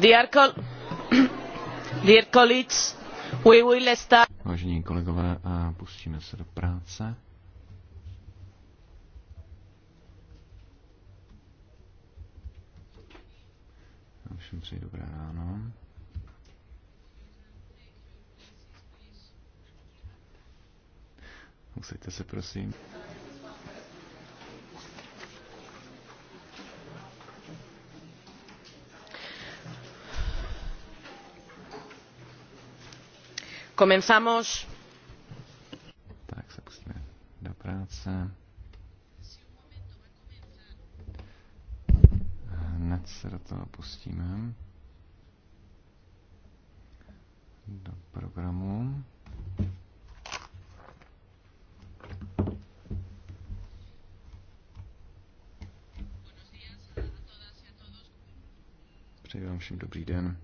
Vážení kolegové, pustíme se do práce. všem přeji dobré ráno. Musíte se prosím. Comenzamos. Tak se pustíme do práce. Hned se do toho pustíme. Do programu. Přeji vám všem dobrý den.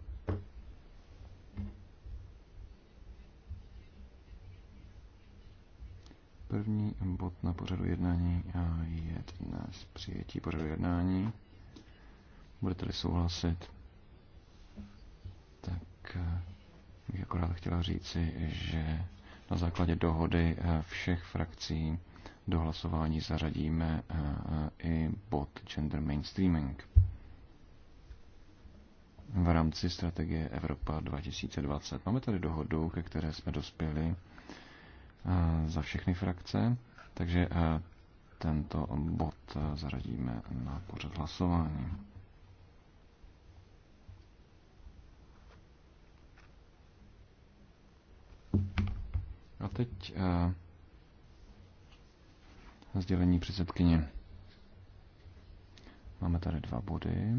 První bod na pořadu jednání je dnes přijetí pořadu jednání. Budete-li souhlasit, tak eh, bych akorát chtěla říci, že na základě dohody eh, všech frakcí do hlasování zařadíme eh, i bod gender mainstreaming v rámci strategie Evropa 2020. Máme tady dohodu, ke které jsme dospěli za všechny frakce, takže tento bod zaradíme na pořad hlasování. A teď sdělení předsedkyně. Máme tady dva body.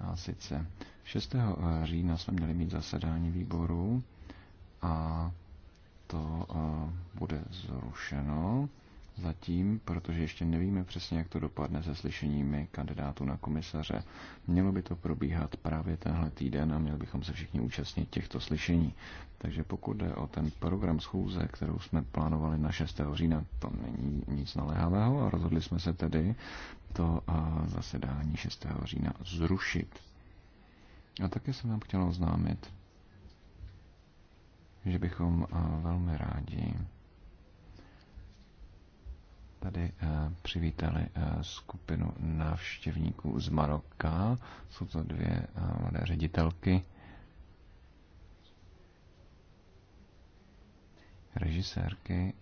A sice 6. října jsme měli mít zasedání výboru a to eh, bude zrušeno zatím, protože ještě nevíme přesně, jak to dopadne se slyšeními kandidátů na komisaře. Mělo by to probíhat právě tenhle týden a měli bychom se všichni účastnit těchto slyšení. Takže pokud jde o ten program schůze, kterou jsme plánovali na 6. října, to není nic naléhavého a rozhodli jsme se tedy to eh, zasedání 6. října zrušit. A také jsem vám chtěl oznámit, že bychom eh, velmi rádi tady eh, přivítali eh, skupinu návštěvníků z Maroka. Jsou to dvě mladé ředitelky. režisérky.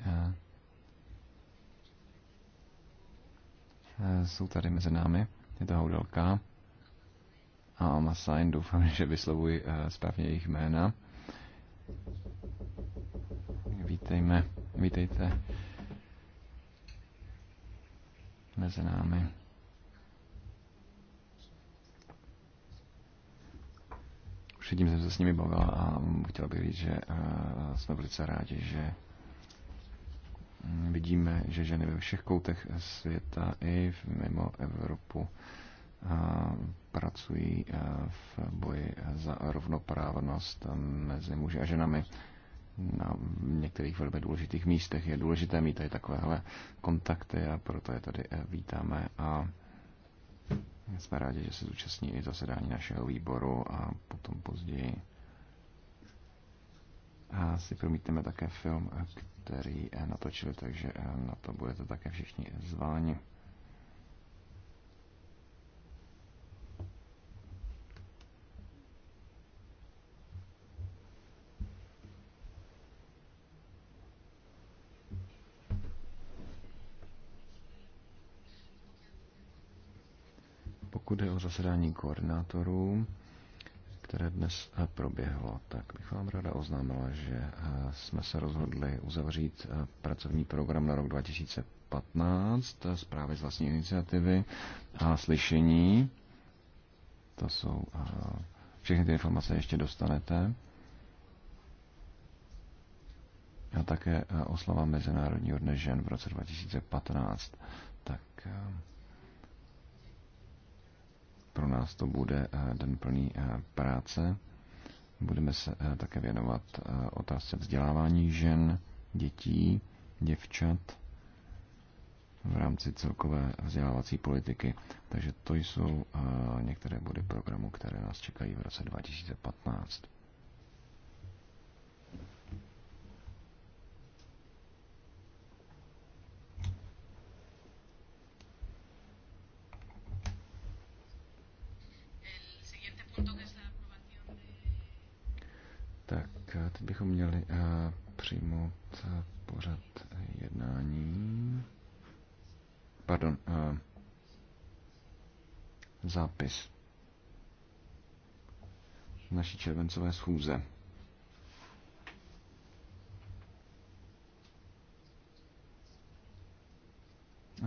Jsou tady mezi námi. Je to Houdelka a Masain. Doufám, že vyslovuji správně jejich jména vítejme, vítejte mezi námi. Už vidím, jsem se s nimi bavil a chtěl bych říct, že eh, jsme velice rádi, že vidíme, že ženy ve všech koutech světa i mimo Evropu eh, pracují eh, v boji za rovnoprávnost mezi muži a ženami na některých velmi důležitých místech. Je důležité mít tady takovéhle kontakty a proto je tady eh, vítáme a jsme rádi, že se zúčastní i zasedání našeho výboru a potom později a si promítneme také film, eh, který eh, natočili, takže na to budete také všichni zváni. dalšího zasedání koordinátorů, které dnes eh, proběhlo, tak bych vám ráda oznámila, že eh, jsme se rozhodli uzavřít eh, pracovní program na rok 2015, zprávy z vlastní iniciativy a slyšení. To jsou všechny ty informace ještě dostanete. A také oslava Mezinárodního dne žen v roce 2015. Tak pro nás to bude eh, den plný eh, práce. Budeme se eh, také věnovat otázce vzdělávání žen, dětí, děvčat v rámci celkové vzdělávací politiky. Takže to jsou některé body programu, které nás čekají v roce 2015. teď bychom měli eh, přijmout eh, pořad jednání. Pardon, eh, zápis naší červencové schůze.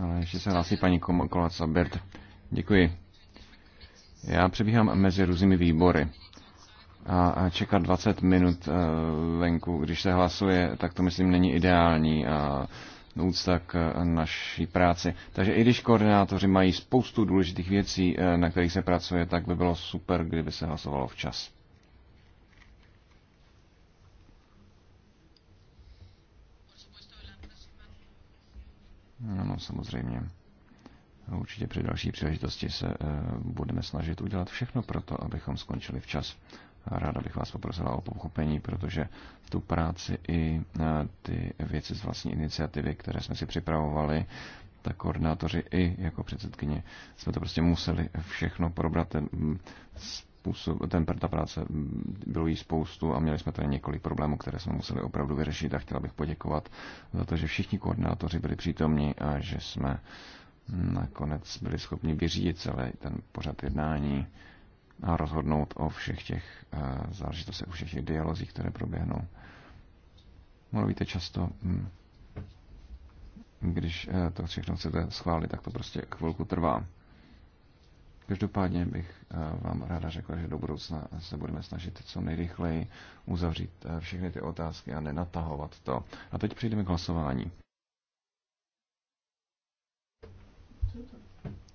Ale ještě se hlásí paní Kolaca Abert. Děkuji. Já přebíhám mezi různými výbory a čekat 20 minut eh, venku, když se hlasuje, tak to myslím není ideální a úcta k eh, naší práci. Takže i když koordinátoři mají spoustu důležitých věcí, eh, na kterých se pracuje, tak by bylo super, kdyby se hlasovalo včas. No, samozřejmě. Určitě při další příležitosti se budeme snažit udělat všechno pro to, abychom skončili včas. Ráda bych vás poprosila o pochopení, protože tu práci i e, ty věci z vlastní iniciativy, které jsme si připravovali, tak koordinátoři i jako předsedkyně jsme to prostě museli všechno probrat. Ten způsob, ten, ta práce bylo jí spoustu a měli jsme tady několik problémů, které jsme museli opravdu vyřešit a chtěla bych poděkovat za to, že všichni koordinátoři byli přítomni a že jsme nakonec byli schopni vyřídit celý ten pořad jednání a rozhodnout o všech těch eh, záležitostech, o všech těch dialozích, které proběhnou. Mluvíte často, hm, když eh, to všechno chcete schválit, tak to prostě chvilku trvá. Každopádně bych eh, vám ráda řekla, že do budoucna se budeme snažit co nejrychleji uzavřít všechny ty otázky a nenatahovat to. A teď přejdeme k hlasování.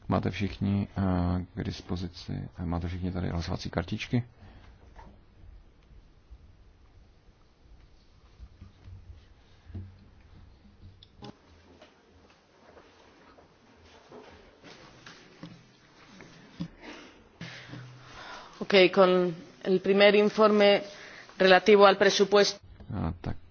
Máte všichni eh, k dispozici, eh, máte všichni tady hlasovací kartičky? Okay, con el primer informe relativo al presupuesto. Ah tak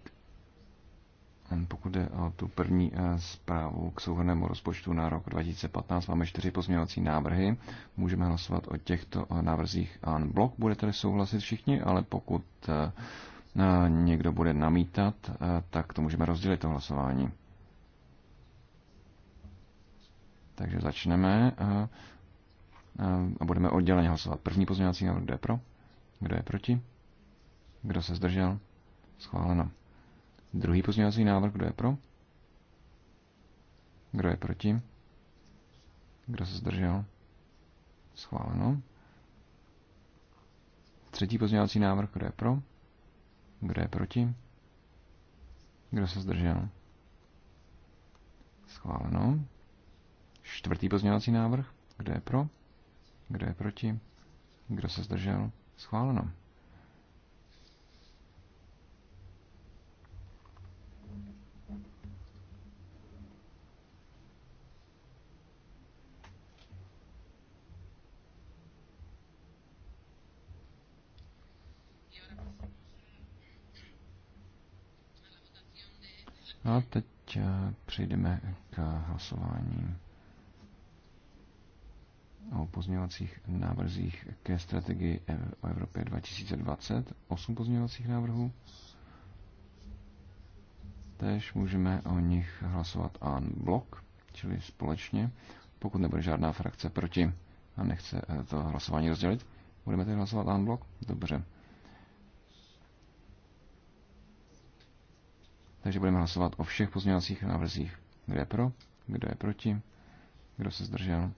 jde o tu první eh, zprávu k souhrnému rozpočtu na rok 2015, máme čtyři pozměňovací návrhy. Můžeme hlasovat o těchto eh, návrzích en blok. Budete-li souhlasit všichni, ale pokud eh, někdo bude namítat, tak to můžeme rozdělit to hlasování. Takže začneme a, a budeme odděleně hlasovat. První pozměňovací návrh, kdo je pro? Kdo je proti? Kdo se zdržel? Schváleno. Druhý pozměňovací návrh, kdo je pro? Kdo je proti? Kdo se zdržel? Schváleno. Třetí pozměňovací návrh, kdo je pro? Kdo je proti? Kdo se zdržel? Schváleno. Čtvrtý pozměňovací návrh, kdo je pro? Kdo je proti? Kdo se zdržel? Schváleno. No a teď eh, přejdeme k hlasování o pozměňovacích návrzích ke strategii e- o Evropě 2020. Osm pozměňovacích návrhů. Tež můžeme o nich hlasovat en blok, čili společně, pokud nebude žádná frakce proti a nechce eh, to hlasování rozdělit. Budeme tedy hlasovat en blok? Dobře. Takže budeme hlasovat o všech pozměňovacích návrzích. Kdo je pro? Kdo je proti? Kdo se zdržel?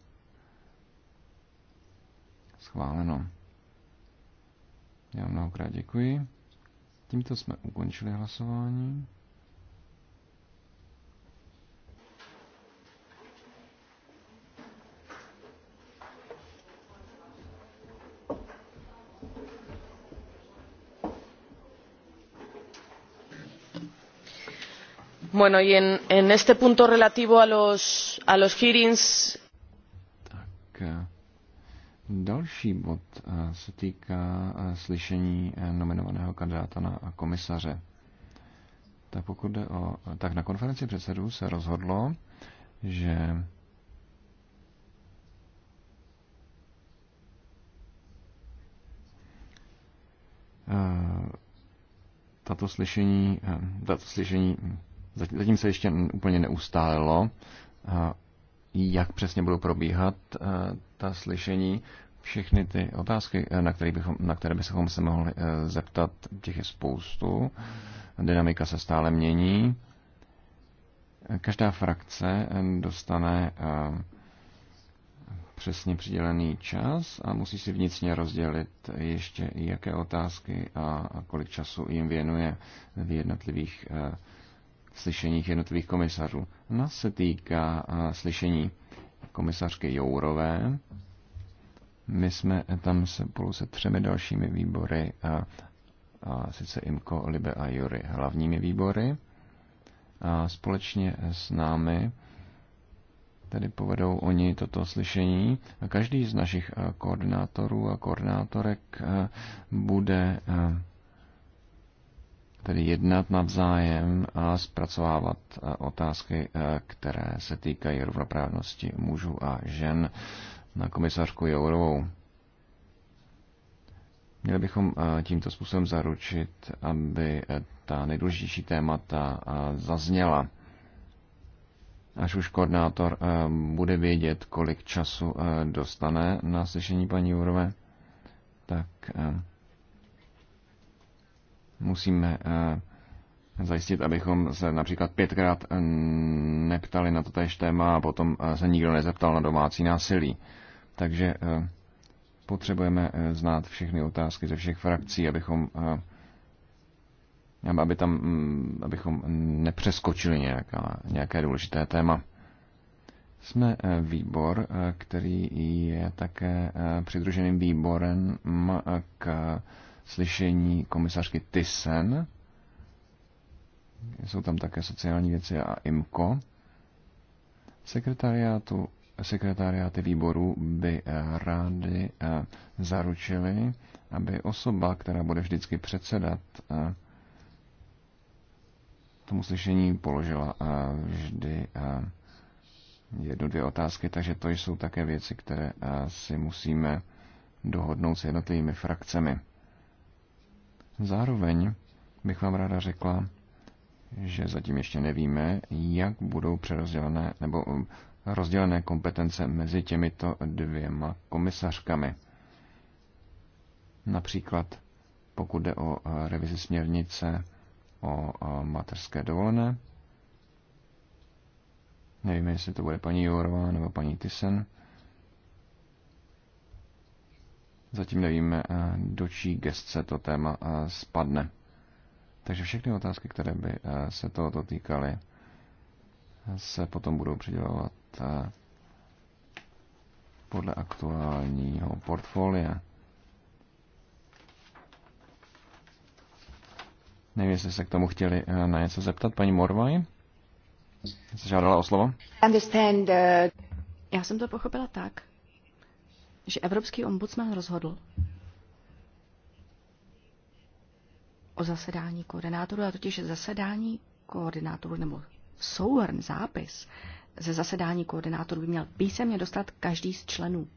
Schváleno. Já mnohokrát děkuji. Tímto jsme ukončili hlasování. Bueno, y en, este punto relativo a los, a hearings. Eh, eh, se týká eh, slyšení nominovaného kandidáta na komisaře. Tak pokud jde o, tak na konferenci předsedů se rozhodlo, že tato slyšení, tato slyšení Zatím se ještě úplně neustálilo, jak přesně budou probíhat eh, ta slyšení. Všechny ty otázky, eh, na které, bychom, na které bychom se mohli eh, zeptat, těch je spoustu. Dynamika se stále mění. Každá frakce dostane přesně přidělený čas a musí si vnitřně rozdělit ještě, jaké otázky a kolik času jim věnuje v jednotlivých slyšeních jednotlivých komisařů. na se týká slyšení komisařky Jourové. My jsme tam spolu se třemi dalšími výbory, a, a sice Imko, LIBE a JURY, hlavními výbory. A společně s námi tedy povedou oni toto slyšení. A každý z našich koordinátorů a koordinátorek bude tedy jednat navzájem a zpracovávat eh, otázky, eh, které se týkají rovnoprávnosti mužů a žen na komisařku Jourovou. Měli bychom eh, tímto způsobem zaručit, aby ta nejdůležitější témata zazněla. Až už koordinátor bude vědět, kolik času dostane na slyšení paní Jourové, tak musíme eh, zajistit, abychom se například pětkrát eh, neptali na to též téma a potom eh, se nikdo nezeptal na domácí násilí. Takže potřebujeme znát všechny otázky ze všech frakcí, abychom aby tam, mm, abychom nepřeskočili nějaká, nějaké důležité téma. Jsme výbor, který je také přidruženým výborem k slyšení komisařky Tysen. Jsou tam také sociální věci a Imko Sekretariátu, sekretariáty výboru by eh, rádi eh, zaručili, aby osoba, která bude vždycky předsedat eh, tomu slyšení, položila vždy jednu, dvě otázky, takže to jsou také věci, které si musíme dohodnout s jednotlivými frakcemi. Zároveň bych vám ráda řekla, že zatím ještě nevíme, jak budou přerozdělené nebo um, rozdělené kompetence mezi těmito dvěma komisařkami. Například pokud jde o eh, revizi směrnice o eh, materské dovolené. Nevíme, jestli to bude paní Jourová nebo paní Tysen. Zatím nevíme, eh, do čí gestce to téma eh, spadne. Takže všechny otázky, které by eh, se tohoto týkaly, se potom budou přidělovat podle aktuálního portfolia. Nevím, jestli se k tomu chtěli na něco zeptat, paní Morvaj. Jsi žádala o slovo? Uh, Já jsem to pochopila tak, že Evropský ombudsman rozhodl o zasedání koordinátoru, a totiž zasedání koordinátoru nebo souhrn zápis ze zasedání koordinátoru by měl písemně dostat každý z členů.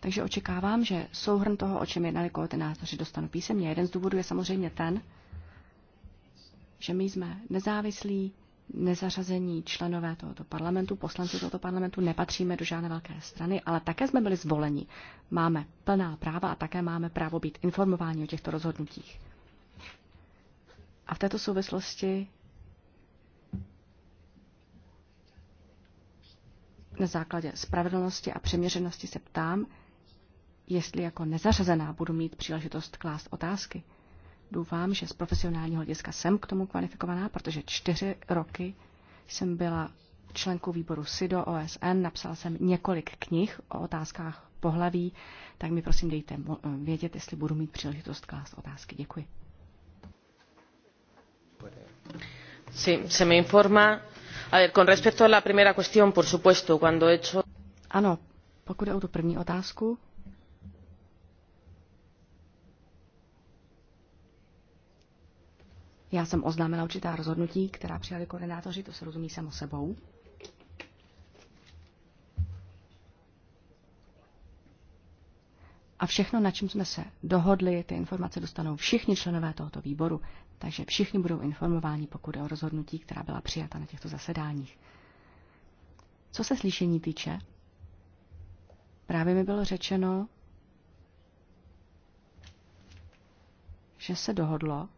Takže očekávám, že souhrn toho, o čem jednali koordinátoři, dostanu písemně. Jeden z důvodů je samozřejmě ten, že my jsme nezávislí, nezařazení členové tohoto parlamentu, poslanci tohoto parlamentu, nepatříme do žádné velké strany, ale také jsme byli zvoleni. Máme plná práva a také máme právo být informováni o těchto rozhodnutích. A v této souvislosti na základě spravedlnosti a přiměřenosti se ptám, jestli jako nezařazená budu mít příležitost klást otázky doufám, že z profesionálního hlediska jsem k tomu kvalifikovaná, protože čtyři roky jsem byla členkou výboru SIDO OSN, napsal jsem několik knih o otázkách pohlaví, tak mi prosím dejte vědět, jestli budu mít příležitost klást otázky. Děkuji. Sí, se me informa. A ver, con respecto a la primera cuestión, por supuesto, cuando he hecho... Ano, pokud je o tu první otázku, Já jsem oznámila určitá rozhodnutí, která přijali koordinátoři, to se rozumí samo sebou. A všechno, na čem jsme se dohodli, ty informace dostanou všichni členové tohoto výboru, takže všichni budou informováni, pokud je o rozhodnutí, která byla přijata na těchto zasedáních. Co se slyšení týče, právě mi bylo řečeno, že se dohodlo,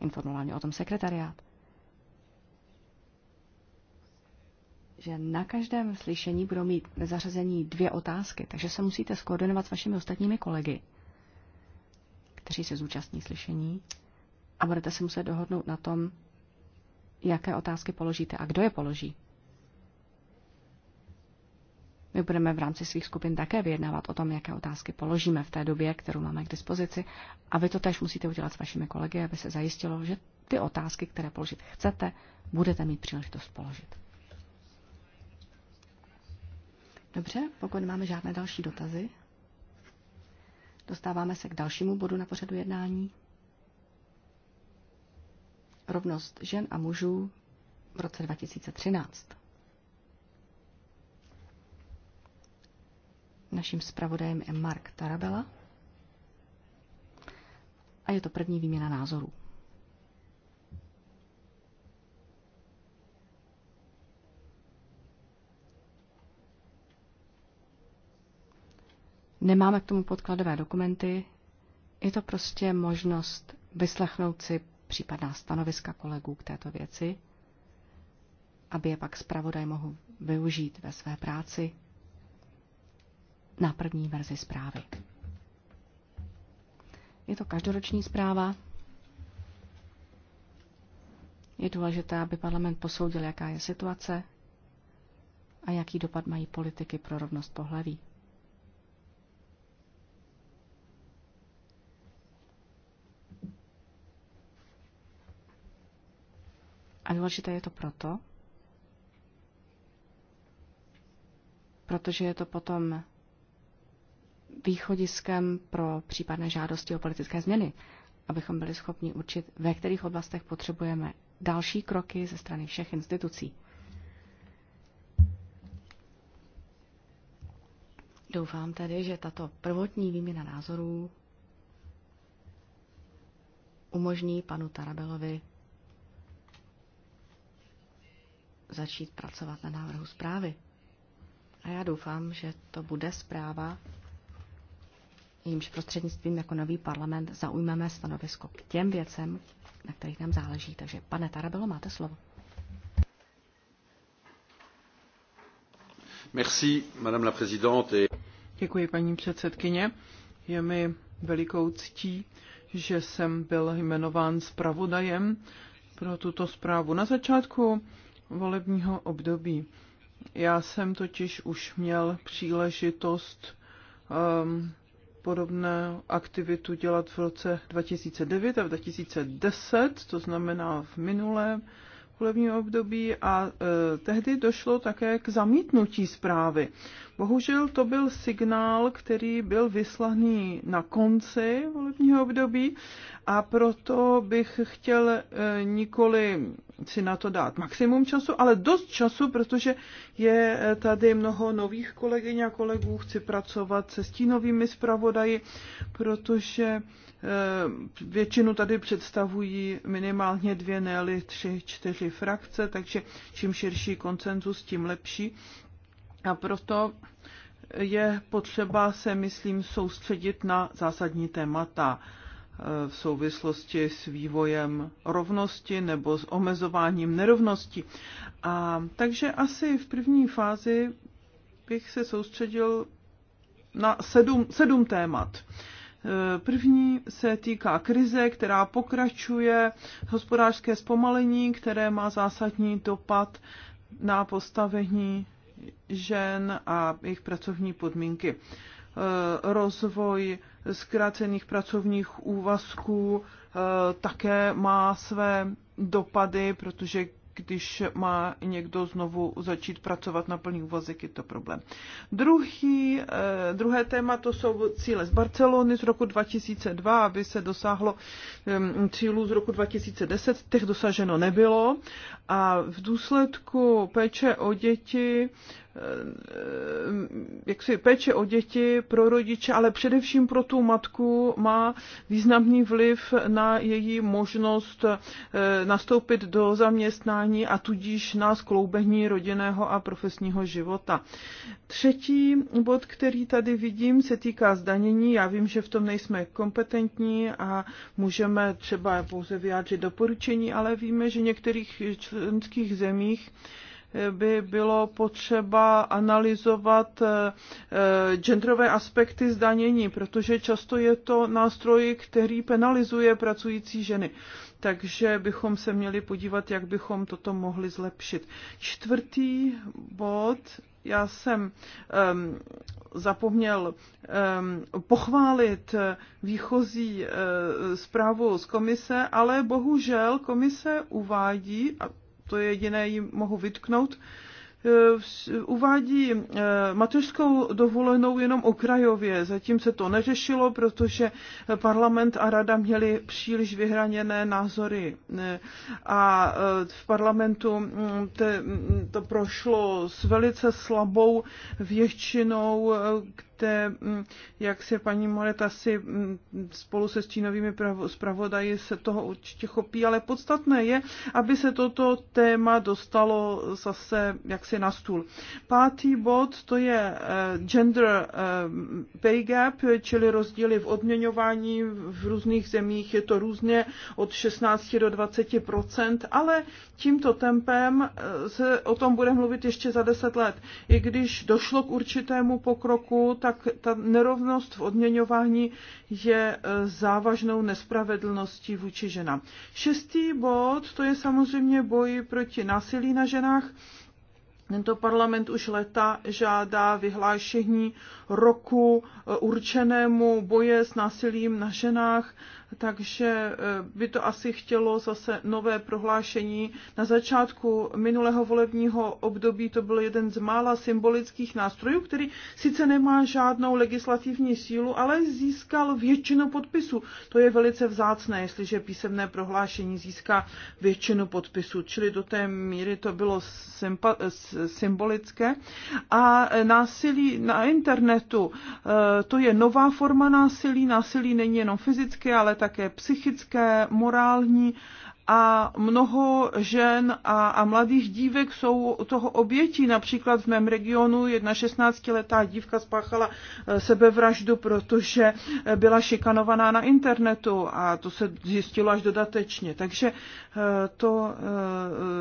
Informoval mě o tom sekretariát. že na každém slyšení budou mít zařazení dvě otázky, takže se musíte skoordinovat s vašimi ostatními kolegy, kteří se zúčastní slyšení a budete se muset dohodnout na tom, jaké otázky položíte a kdo je položí. My budeme v rámci svých skupin také vyjednávat o tom, jaké otázky položíme v té době, kterou máme k dispozici. A vy to tež musíte udělat s vašimi kolegy, aby se zajistilo, že ty otázky, které položit chcete, budete mít příležitost položit. Dobře, pokud máme žádné další dotazy, dostáváme se k dalšímu bodu na pořadu jednání. Rovnost žen a mužů v roce 2013. Naším zpravodajem je Mark Tarabela a je to první výměna názorů. Nemáme k tomu podkladové dokumenty, je to prostě možnost vyslechnout si případná stanoviska kolegů k této věci, aby je pak zpravodaj mohl využít ve své práci na první verzi zprávy. Je to každoroční zpráva. Je důležité, aby parlament posoudil, jaká je situace a jaký dopad mají politiky pro rovnost pohlaví. A důležité je to proto, protože je to potom východiskem pro případné žádosti o politické změny, abychom byli schopni určit, ve kterých oblastech potřebujeme další kroky ze strany všech institucí. Doufám tedy, že tato prvotní výměna názorů umožní panu Tarabelovi začít pracovat na návrhu zprávy. A já doufám, že to bude zpráva, jímž prostřednictvím jako nový parlament zaujmeme stanovisko k těm věcem, na kterých nám záleží. Takže pane Tarabelo, máte slovo. Merci, madame la présidente. Děkuji, paní předsedkyně. Je mi velikou ctí, že jsem byl jmenován zpravodajem pro tuto zprávu na začátku volebního období. Já jsem totiž už měl příležitost um, podobné aktivitu dělat v roce 2009 a v 2010, to znamená v minulém volebního období a e, tehdy došlo také k zamítnutí zprávy. Bohužel to byl signál, který byl vyslaný na konci volebního období a proto bych chtěl e, nikoli si na to dát maximum času, ale dost času, protože je e, tady mnoho nových kolegyň a kolegů, chci pracovat se stínovými zpravodaji, protože Eh, většinu tady představují minimálně dvě, ne tři, čtyři frakce, takže čím širší koncenzus, tím lepší. A proto je potřeba se, myslím, soustředit na zásadní témata eh, v souvislosti s vývojem rovnosti nebo s omezováním nerovnosti. A, takže asi v první fázi bych se soustředil na sedm, sedm témat. První se týká krize, která pokračuje, hospodářské zpomalení, které má zásadní dopad na postavení žen a jejich pracovní podmínky. E, rozvoj zkrácených pracovních úvazků e, také má své dopady, protože když má někdo znovu začít pracovat na plný úvazek, je to problém. Druhý, eh, druhé téma to jsou cíle z Barcelony z roku 2002, aby se dosáhlo cílů z roku 2010. Těch dosaženo nebylo a v důsledku péče o děti Eh, eh, jaksi péče o děti pro rodiče, ale především pro tu matku má významný vliv na její možnost eh, nastoupit do zaměstnání a tudíž na skloubení rodinného a profesního života. Třetí bod, který tady vidím, se týká zdanění. Já vím, že v tom nejsme kompetentní a můžeme třeba pouze vyjádřit doporučení, ale víme, že v některých členských zemích by bylo potřeba analyzovat eh, eh, genderové aspekty zdanění, protože často je to nástroj, který penalizuje pracující ženy. Takže bychom se měli podívat, jak bychom toto mohli zlepšit. Čtvrtý bod já jsem um, zapomněl um, pochválit eh, výchozí uh, zprávu z komise, ale bohužel komise uvádí, a to je jediné jim mohu vytknout, e, uvádí e, mateřskou dovolenou jenom okrajově. Zatím se to neřešilo, protože parlament a rada měli příliš vyhraněné názory. E, a v parlamentu to prošlo s velice slabou většinou, vidíte, mm, jak se paní Moret asi mm, spolu se stínovými zpravodaji se toho určitě chopí, ale podstatné je, aby se toto téma dostalo zase jaksi na stůl. Pátý bod, to je eh, gender eh, pay gap, čili rozdíly v odměňování v různých zemích, je to různě od 16 do 20 ale tímto tempem eh, se o tom bude mluvit ještě za deset let. I když došlo k určitému pokroku, tak ta nerovnost v odměňování je eh, závažnou nespravedlností vůči ženám. Šestý bod, to je samozřejmě boj proti násilí na ženách. Tento parlament už leta žádá vyhlášení roku eh, určenému boje s násilím na ženách takže eh, by to asi chtělo zase nové prohlášení. Na začátku minulého volebního období to byl jeden z mála symbolických nástrojů, který sice nemá žádnou legislativní sílu, ale získal většinu podpisů. To je velice vzácné, jestliže písemné prohlášení získá většinu podpisů, čili do té míry to bylo symbolické. A násilí na internetu, eh, to je nová forma násilí. Násilí není jenom fyzické, ale také psychické, morální a mnoho žen a, a mladých dívek jsou toho obětí. Například v mém regionu jedna 16-letá dívka spáchala eh, sebevraždu, protože eh, byla šikanovaná na internetu a to se zjistilo až dodatečně. Takže eh, to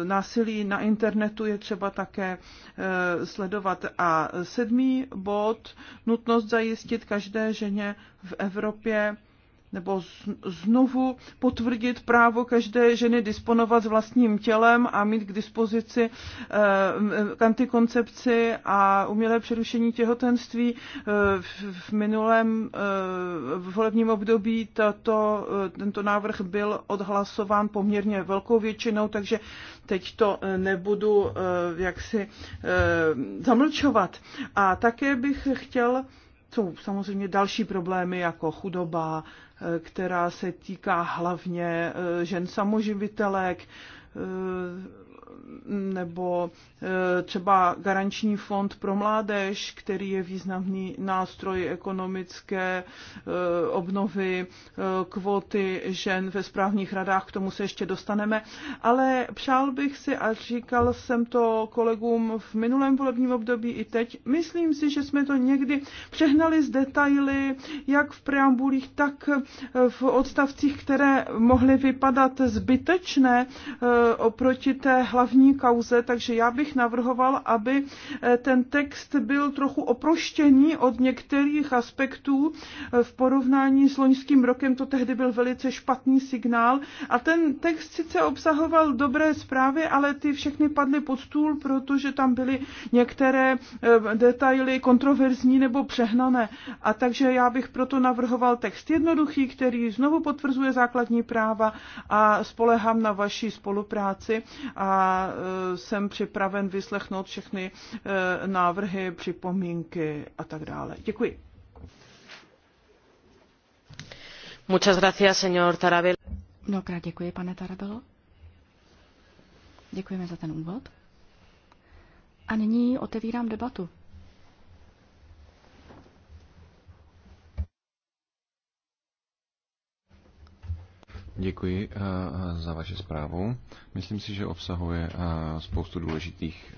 násilí na internetu je třeba také sledovat. A sedmý bod, nutnost zajistit každé ženě v Evropě nebo znovu potvrdit právo každé ženy disponovat vlastním tělem a mít k dispozici eh, antikoncepci a umělé přerušení těhotenství. Eh, v minulém eh, volebním období tato, tento návrh byl odhlasován poměrně velkou většinou, takže teď to nebudu jaksi zamlčovat. A také bych chtěl jsou samozřejmě další problémy jako chudoba, eh, která se týká hlavně eh, žen samoživitelek, eh, nebo e, třeba garanční fond pro mládež, který je významný nástroj ekonomické e, obnovy, e, kvóty žen ve správních radách, k tomu se ještě dostaneme. Ale přál bych si, a říkal jsem to kolegům v minulém volebním období i teď, myslím si, že jsme to někdy přehnali z detaily, jak v preambulích, tak v odstavcích, které mohly vypadat zbytečné oproti té hlavní hlavní kauze, takže já bych navrhoval, aby eh, ten text byl trochu oproštěný od některých aspektů. Eh, v porovnání s loňským rokem to tehdy byl velice špatný signál a ten text sice obsahoval dobré zprávy, ale ty všechny padly pod stůl, protože tam byly některé eh, detaily kontroverzní nebo přehnané. A takže já bych proto navrhoval text jednoduchý, který znovu potvrzuje základní práva a spolehám na vaši spolupráci a E, jsem připraven vyslechnout všechny e, návrhy, připomínky a tak dále. Děkuji. Muchas gracias, señor Tarabel. Mnohokrát děkuji, pane Tarabelo. Děkujeme za ten úvod. A nyní otevírám debatu. Děkuji eh, eh, za vaši zprávu. Myslím si, že obsahuje eh, spoustu důležitých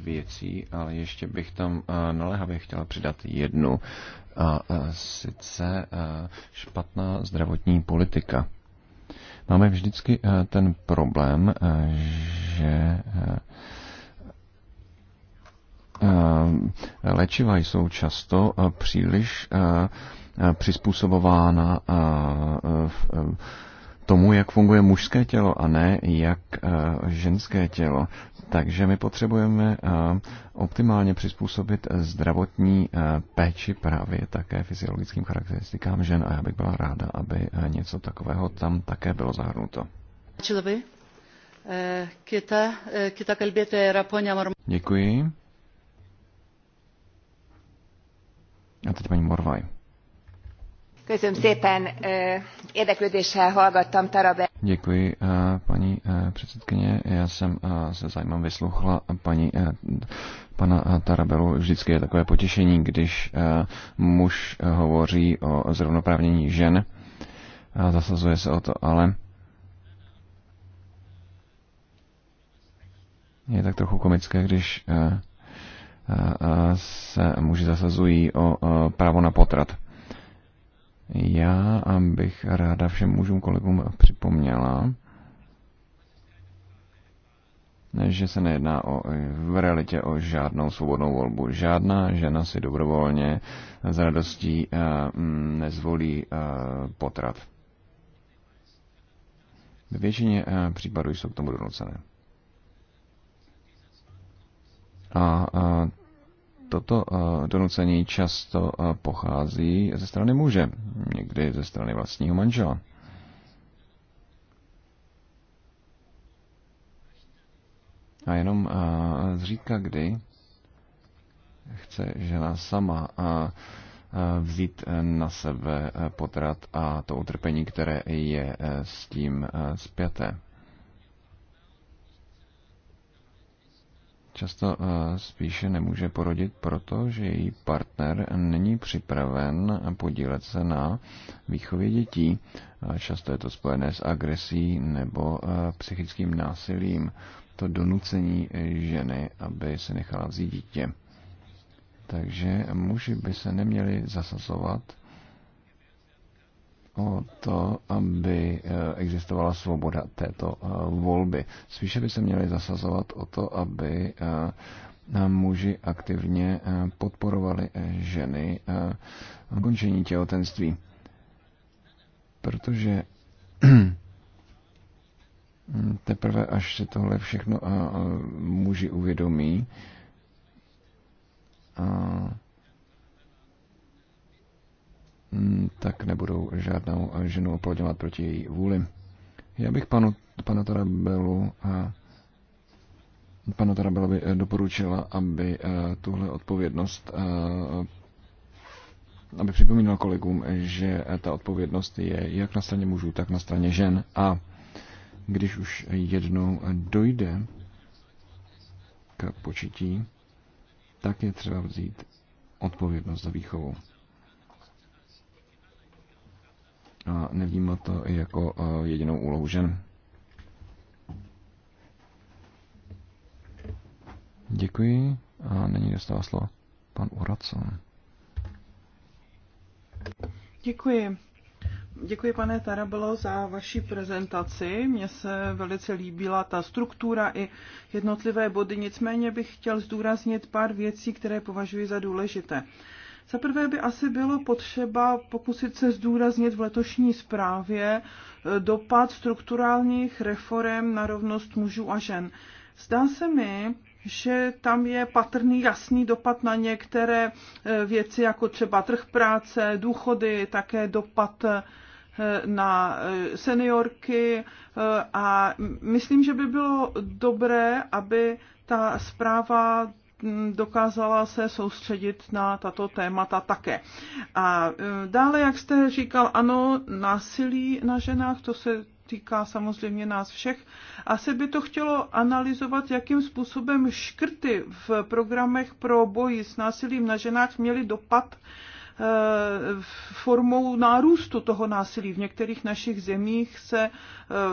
věcí, ale ještě bych tam naléhavě chtěla přidat jednu, a sice špatná zdravotní politika. Máme vždycky ten problém, že léčiva jsou často příliš přizpůsobována v tomu, jak funguje mužské tělo a ne jak eh, ženské tělo. Takže my potřebujeme eh, optimálně přizpůsobit zdravotní eh, péči právě také fyziologickým charakteristikám žen a já bych byla ráda, aby něco takového tam také bylo zahrnuto. Děkuji. A teď paní Morvaj. Děkuji, paní předsedkyně. Já jsem se zájmem vyslouchala paní, pana Tarabelu. Vždycky je takové potěšení, když muž hovoří o zrovnoprávnění žen. zasazuje se o to, ale je tak trochu komické, když se muži zasazují o právo na potrat. Já bych ráda všem mužům kolegům připomněla, že se nejedná o, v realitě o žádnou svobodnou volbu. Žádná žena si dobrovolně s radostí eh, mm, nezvolí eh, potrat. Ve většině eh, případů jsou k tomu donucené. A, a toto eh, donucení často eh, pochází ze strany muže, někdy ze strany vlastního manžela. A jenom eh, zřídka kdy chce žena sama vzít na sebe potrat a to utrpení, které je s tím zpěté. často eh, spíše nemůže porodit, protože její partner není připraven podílet se na výchově dětí. Často je to spojené s agresí nebo eh, psychickým násilím. To donucení ženy, aby se nechala vzít dítě. Takže muži by se neměli zasazovat o to, aby eh, existovala svoboda této eh, volby. Spíše by se měli zasazovat o to, aby eh, muži aktivně podporovali ženy v končení těhotenství. Protože teprve až se tohle všechno muži uvědomí, Mm, tak nebudou žádnou ženu oplodňovat proti její vůli. Já bych panu, panu Tarabelu a panu Tarabelu by eh, doporučila, aby eh, tuhle odpovědnost eh, aby připomínal kolegům, že ta odpovědnost je jak na straně mužů, tak na straně žen. A když už jednou dojde k početí, tak je třeba vzít odpovědnost za výchovu a nevnímá to i jako e, jedinou úlohu žen. Děkuji a nyní dostává slovo pan Uracon. Děkuji. Děkuji, pane Tarabelo, za vaši prezentaci. Mně se velice líbila ta struktura i jednotlivé body, nicméně bych chtěl zdůraznit pár věcí, které považuji za důležité. Za prvé by asi bylo potřeba pokusit se zdůraznit v letošní zprávě eh, dopad strukturálních reform na rovnost mužů a žen. Zdá se mi, že tam je patrný jasný dopad na některé eh, věci, jako třeba trh práce, důchody, také dopad eh, na seniorky a myslím, že by bylo dobré, aby ta zpráva dokázala se soustředit na tato témata také. A e, dále, jak jste říkal, ano, násilí na ženách, to se týká samozřejmě nás všech. Asi by to chtělo analyzovat, jakým způsobem škrty v programech pro boji s násilím na ženách měly dopad e, formou nárůstu toho násilí. V některých našich zemích se, e,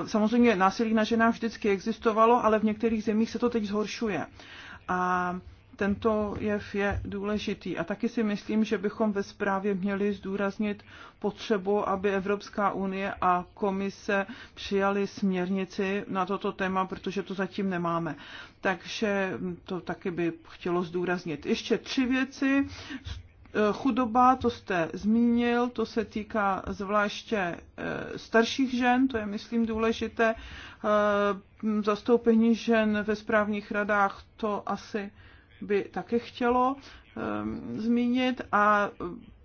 samozřejmě násilí na ženách vždycky existovalo, ale v některých zemích se to teď zhoršuje. A tento jev je důležitý. A taky si myslím, že bychom ve zprávě měli zdůraznit potřebu, aby Evropská unie a komise přijali směrnici na toto téma, protože to zatím nemáme. Takže to taky by chtělo zdůraznit. Ještě tři věci. Chudoba, to jste zmínil, to se týká zvláště eh, starších žen, to je, myslím, důležité. Eh, zastoupení žen ve správních radách, to asi by také chtělo um, zmínit a,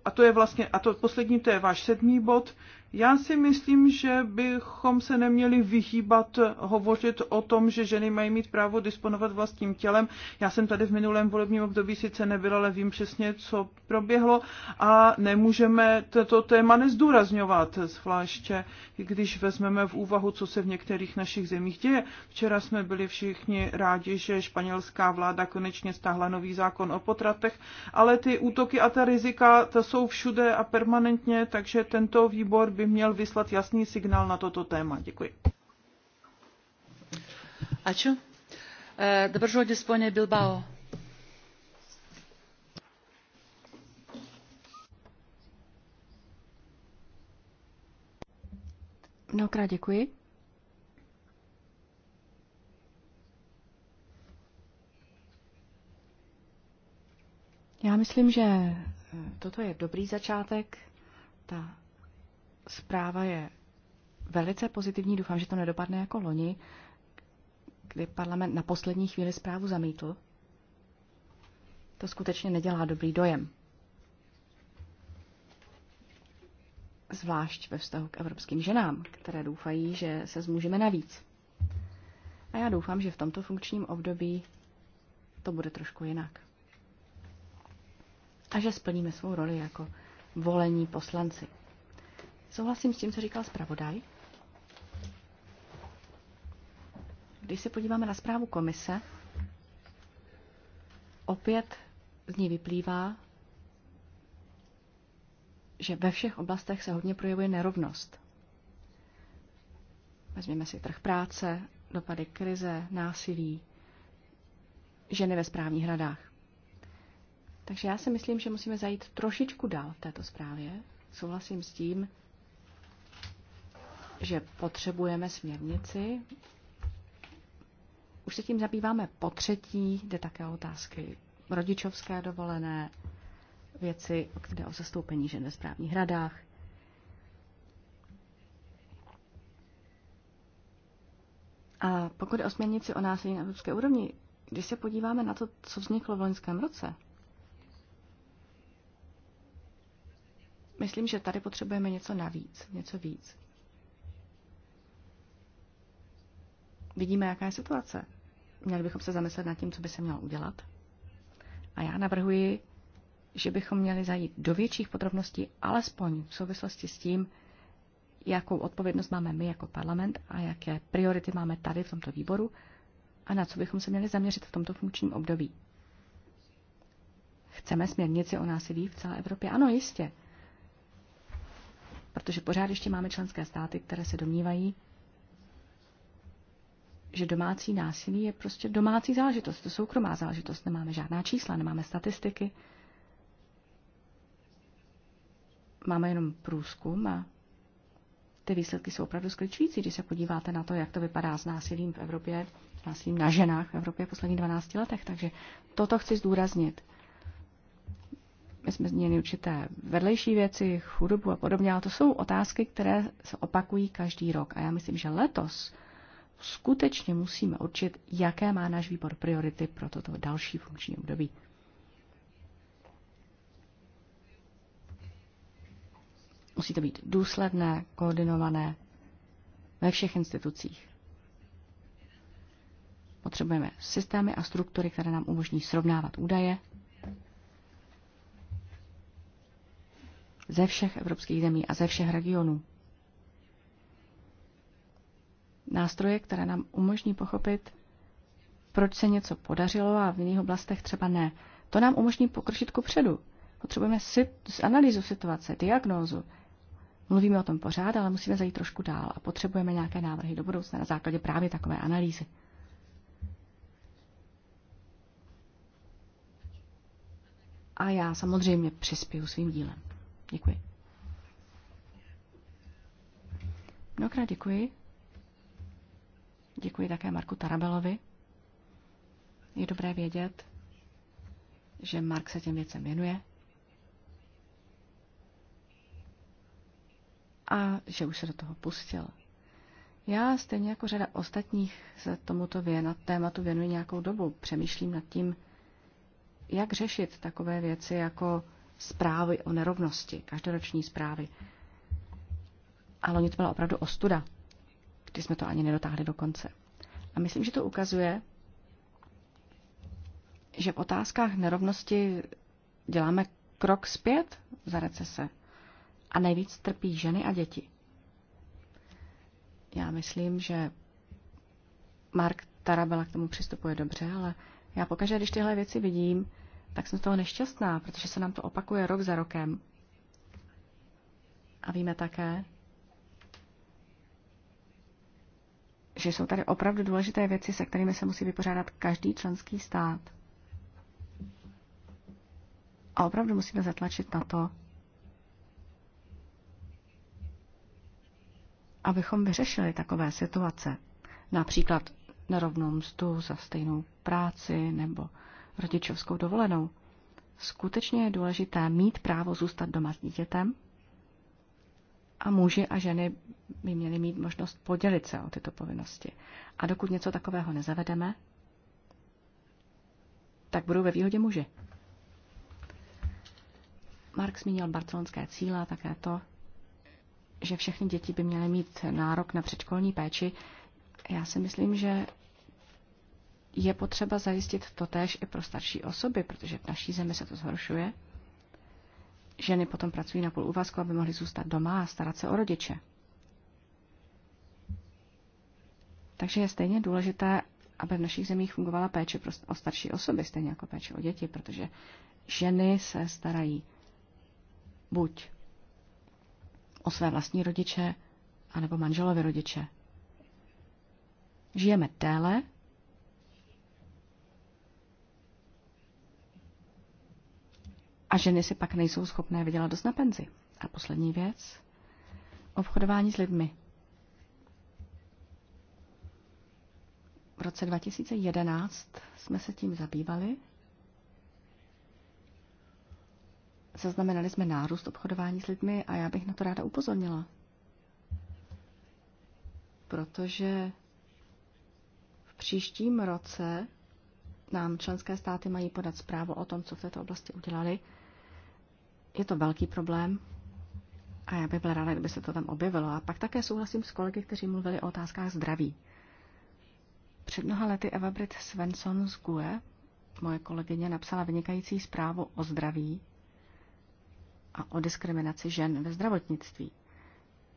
a to je vlastně, a to poslední, to je váš sedmý bod, já si myslím, že bychom se neměli vyhýbat hovořit o tom, že ženy mají mít právo disponovat vlastním tělem. Já jsem tady v minulém volebním období sice nebyla, ale vím přesně, co proběhlo a nemůžeme toto téma nezdůrazňovat, zvláště když vezmeme v úvahu, co se v některých našich zemích děje. Včera jsme byli všichni rádi, že španělská vláda konečně stáhla nový zákon o potratech, ale ty útoky a ta rizika ta jsou všude a permanentně, takže tento výbor by by měl vyslat jasný signál na toto téma. Děkuji. Ačiū. E, dabar žodis ponė Bilbao. Mnohokrát děkuji. Já myslím, že toto je dobrý začátek. Ta zpráva je velice pozitivní. Doufám, že to nedopadne jako loni, kdy parlament na poslední chvíli zprávu zamítl. To skutečně nedělá dobrý dojem. Zvlášť ve vztahu k evropským ženám, které doufají, že se zmůžeme navíc. A já doufám, že v tomto funkčním období to bude trošku jinak. A že splníme svou roli jako volení poslanci. Souhlasím s tím, co říkal zpravodaj. Když se podíváme na zprávu komise, opět z ní vyplývá, že ve všech oblastech se hodně projevuje nerovnost. Vezměme si trh práce, dopady krize, násilí, ženy ve správních radách. Takže já si myslím, že musíme zajít trošičku dál v této zprávě. Souhlasím s tím, že potřebujeme směrnici. Už se tím zabýváme po třetí, jde také o otázky rodičovské dovolené, věci, kde o zastoupení žen ve správních radách. A pokud je o směrnici o násilí na evropské úrovni, když se podíváme na to, co vzniklo v loňském roce, myslím, že tady potřebujeme něco navíc, něco víc. vidíme, jaká je situace. Měli bychom se zamyslet nad tím, co by se mělo udělat. A já navrhuji, že bychom měli zajít do větších podrobností, alespoň v souvislosti s tím, jakou odpovědnost máme my jako parlament a jaké priority máme tady v tomto výboru a na co bychom se měli zaměřit v tomto funkčním období. Chceme směrnici o násilí v celé Evropě? Ano, jistě. Protože pořád ještě máme členské státy, které se domnívají, že domácí násilí je prostě domácí záležitost, to soukromá záležitost, nemáme žádná čísla, nemáme statistiky. Máme jenom průzkum a ty výsledky jsou opravdu skličující, když se podíváte na to, jak to vypadá s násilím v Evropě, s násilím na ženách v Evropě v posledních 12 letech. Takže toto chci zdůraznit. My jsme změnili určité vedlejší věci, chudobu a podobně, ale to jsou otázky, které se opakují každý rok. A já myslím, že letos skutečně musíme určit, jaké má náš výbor priority pro toto další funkční období. Musí to být důsledné, koordinované ve všech institucích. Potřebujeme systémy a struktury, které nám umožní srovnávat údaje ze všech evropských zemí a ze všech regionů nástroje, které nám umožní pochopit, proč se něco podařilo a v jiných oblastech třeba ne. To nám umožní pokročit ku předu. Potřebujeme si, analýzu situace, diagnózu. Mluvíme o tom pořád, ale musíme zajít trošku dál a potřebujeme nějaké návrhy do budoucna na základě právě takové analýzy. A já samozřejmě přispěju svým dílem. Děkuji. Mnohokrát děkuji. Děkuji také Marku Tarabelovi. Je dobré vědět, že Mark se těm věcem věnuje a že už se do toho pustil. Já stejně jako řada ostatních se tomuto věna, tématu věnuji nějakou dobu. Přemýšlím nad tím, jak řešit takové věci jako zprávy o nerovnosti, každoroční zprávy. Ale oni to byla opravdu ostuda kdy jsme to ani nedotáhli do konce. A myslím, že to ukazuje, že v otázkách nerovnosti děláme krok zpět za recese. A nejvíc trpí ženy a děti. Já myslím, že Mark Tarabela k tomu přistupuje dobře, ale já pokaždé, když tyhle věci vidím, tak jsem z toho nešťastná, protože se nám to opakuje rok za rokem. A víme také, že jsou tady opravdu důležité věci, se kterými se musí vypořádat každý členský stát. A opravdu musíme zatlačit na to, abychom vyřešili takové situace, například nerovnou mstu za stejnou práci nebo rodičovskou dovolenou. Skutečně je důležité mít právo zůstat doma s dítětem a muži a ženy by měli mít možnost podělit se o tyto povinnosti. A dokud něco takového nezavedeme, tak budou ve výhodě muži. Mark zmínil barcelonské cíle a také to, že všechny děti by měly mít nárok na předškolní péči. Já si myslím, že je potřeba zajistit to též i pro starší osoby, protože v naší zemi se to zhoršuje. Ženy potom pracují na půl úvazku, aby mohly zůstat doma a starat se o rodiče. Takže je stejně důležité, aby v našich zemích fungovala péče o starší osoby, stejně jako péče o děti, protože ženy se starají buď o své vlastní rodiče, anebo manželovi rodiče. Žijeme déle A ženy si pak nejsou schopné vydělat dost na penzi. A poslední věc. Obchodování s lidmi. V roce 2011 jsme se tím zabývali. Zaznamenali jsme nárůst obchodování s lidmi a já bych na to ráda upozornila. Protože v příštím roce nám členské státy mají podat zprávu o tom, co v této oblasti udělali je to velký problém a já bych byla ráda, kdyby se to tam objevilo. A pak také souhlasím s kolegy, kteří mluvili o otázkách zdraví. Před mnoha lety Eva Britt Svensson z GUE, moje kolegyně, napsala vynikající zprávu o zdraví a o diskriminaci žen ve zdravotnictví.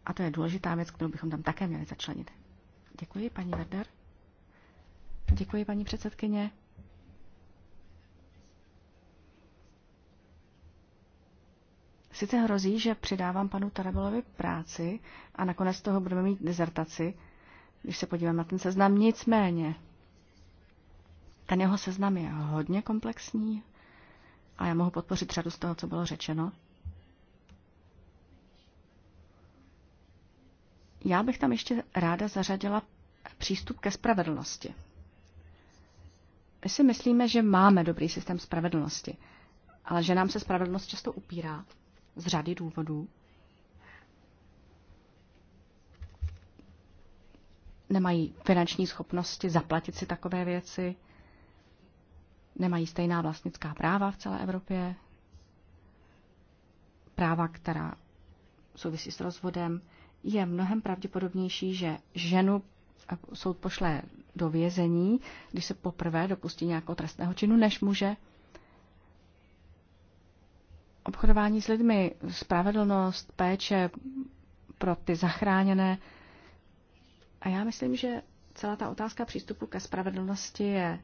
A to je důležitá věc, kterou bychom tam také měli začlenit. Děkuji, paní Werder. Děkuji, paní předsedkyně. Sice hrozí, že přidávám panu Tarabelovi práci a nakonec toho budeme mít dezertaci, když se podívám na ten seznam, nicméně ten jeho seznam je hodně komplexní a já mohu podpořit řadu z toho, co bylo řečeno. Já bych tam ještě ráda zařadila přístup ke spravedlnosti. My si myslíme, že máme dobrý systém spravedlnosti, ale že nám se spravedlnost často upírá z řady důvodů. Nemají finanční schopnosti zaplatit si takové věci, nemají stejná vlastnická práva v celé Evropě, práva, která souvisí s rozvodem, je mnohem pravděpodobnější, že ženu soud pošle do vězení, když se poprvé dopustí nějakého trestného činu, než muže, Obchodování s lidmi, spravedlnost, péče pro ty zachráněné. A já myslím, že celá ta otázka přístupu ke spravedlnosti je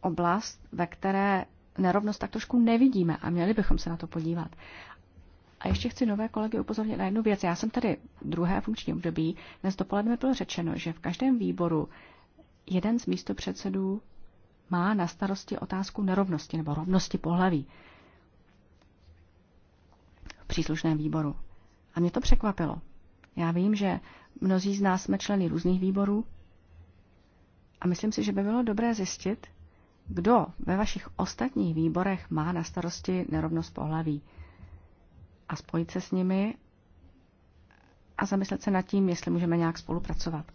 oblast, ve které nerovnost tak trošku nevidíme a měli bychom se na to podívat. A ještě chci nové kolegy upozornit na jednu věc. Já jsem tady druhé funkční období. Dnes dopoledne bylo řečeno, že v každém výboru jeden z místopředsedů má na starosti otázku nerovnosti nebo rovnosti pohlaví v příslušném výboru. A mě to překvapilo. Já vím, že mnozí z nás jsme členy různých výborů a myslím si, že by bylo dobré zjistit, kdo ve vašich ostatních výborech má na starosti nerovnost pohlaví a spojit se s nimi a zamyslet se nad tím, jestli můžeme nějak spolupracovat.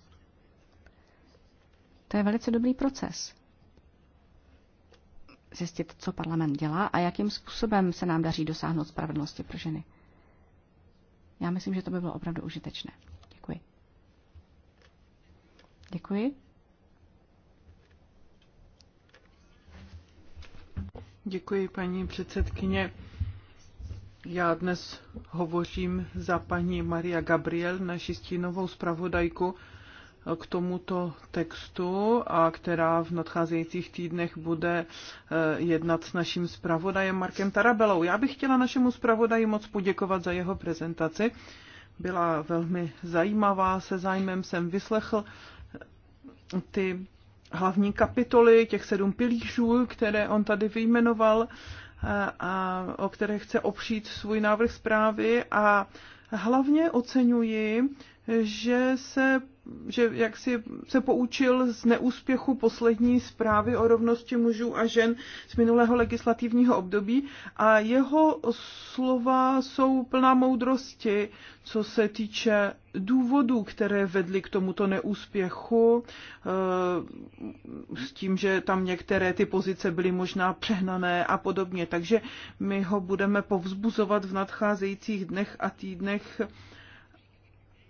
To je velice dobrý proces zjistit, co parlament dělá a jakým způsobem se nám daří dosáhnout spravedlnosti pro ženy. Já myslím, že to by bylo opravdu užitečné. Děkuji. Děkuji. Děkuji, paní předsedkyně. Já dnes hovořím za paní Maria Gabriel, naši stínovou zpravodajku k tomuto textu a která v nadcházejících týdnech bude eh, jednat s naším zpravodajem Markem Tarabelou. Já bych chtěla našemu zpravodaji moc poděkovat za jeho prezentaci. Byla velmi zajímavá, se zájmem jsem vyslechl eh, ty hlavní kapitoly, těch sedm pilířů, které on tady vyjmenoval a, eh, a o které chce opřít svůj návrh zprávy a hlavně oceňuji, že se že jak si se poučil z neúspěchu poslední zprávy o rovnosti mužů a žen z minulého legislativního období a jeho slova jsou plná moudrosti, co se týče důvodů, které vedly k tomuto neúspěchu, eh, s tím, že tam některé ty pozice byly možná přehnané a podobně. Takže my ho budeme povzbuzovat v nadcházejících dnech a týdnech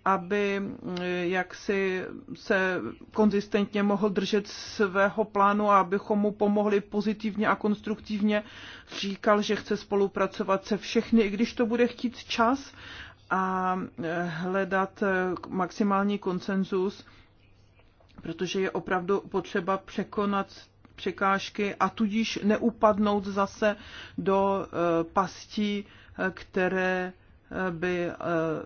aby eh, jaksi se konzistentně mohl držet svého plánu a abychom mu pomohli pozitivně a konstruktivně. Říkal, že chce spolupracovat se všechny, i když to bude chtít čas a eh, hledat eh, maximální konsenzus, protože je opravdu potřeba překonat překážky a tudíž neupadnout zase do pastí, které by eh,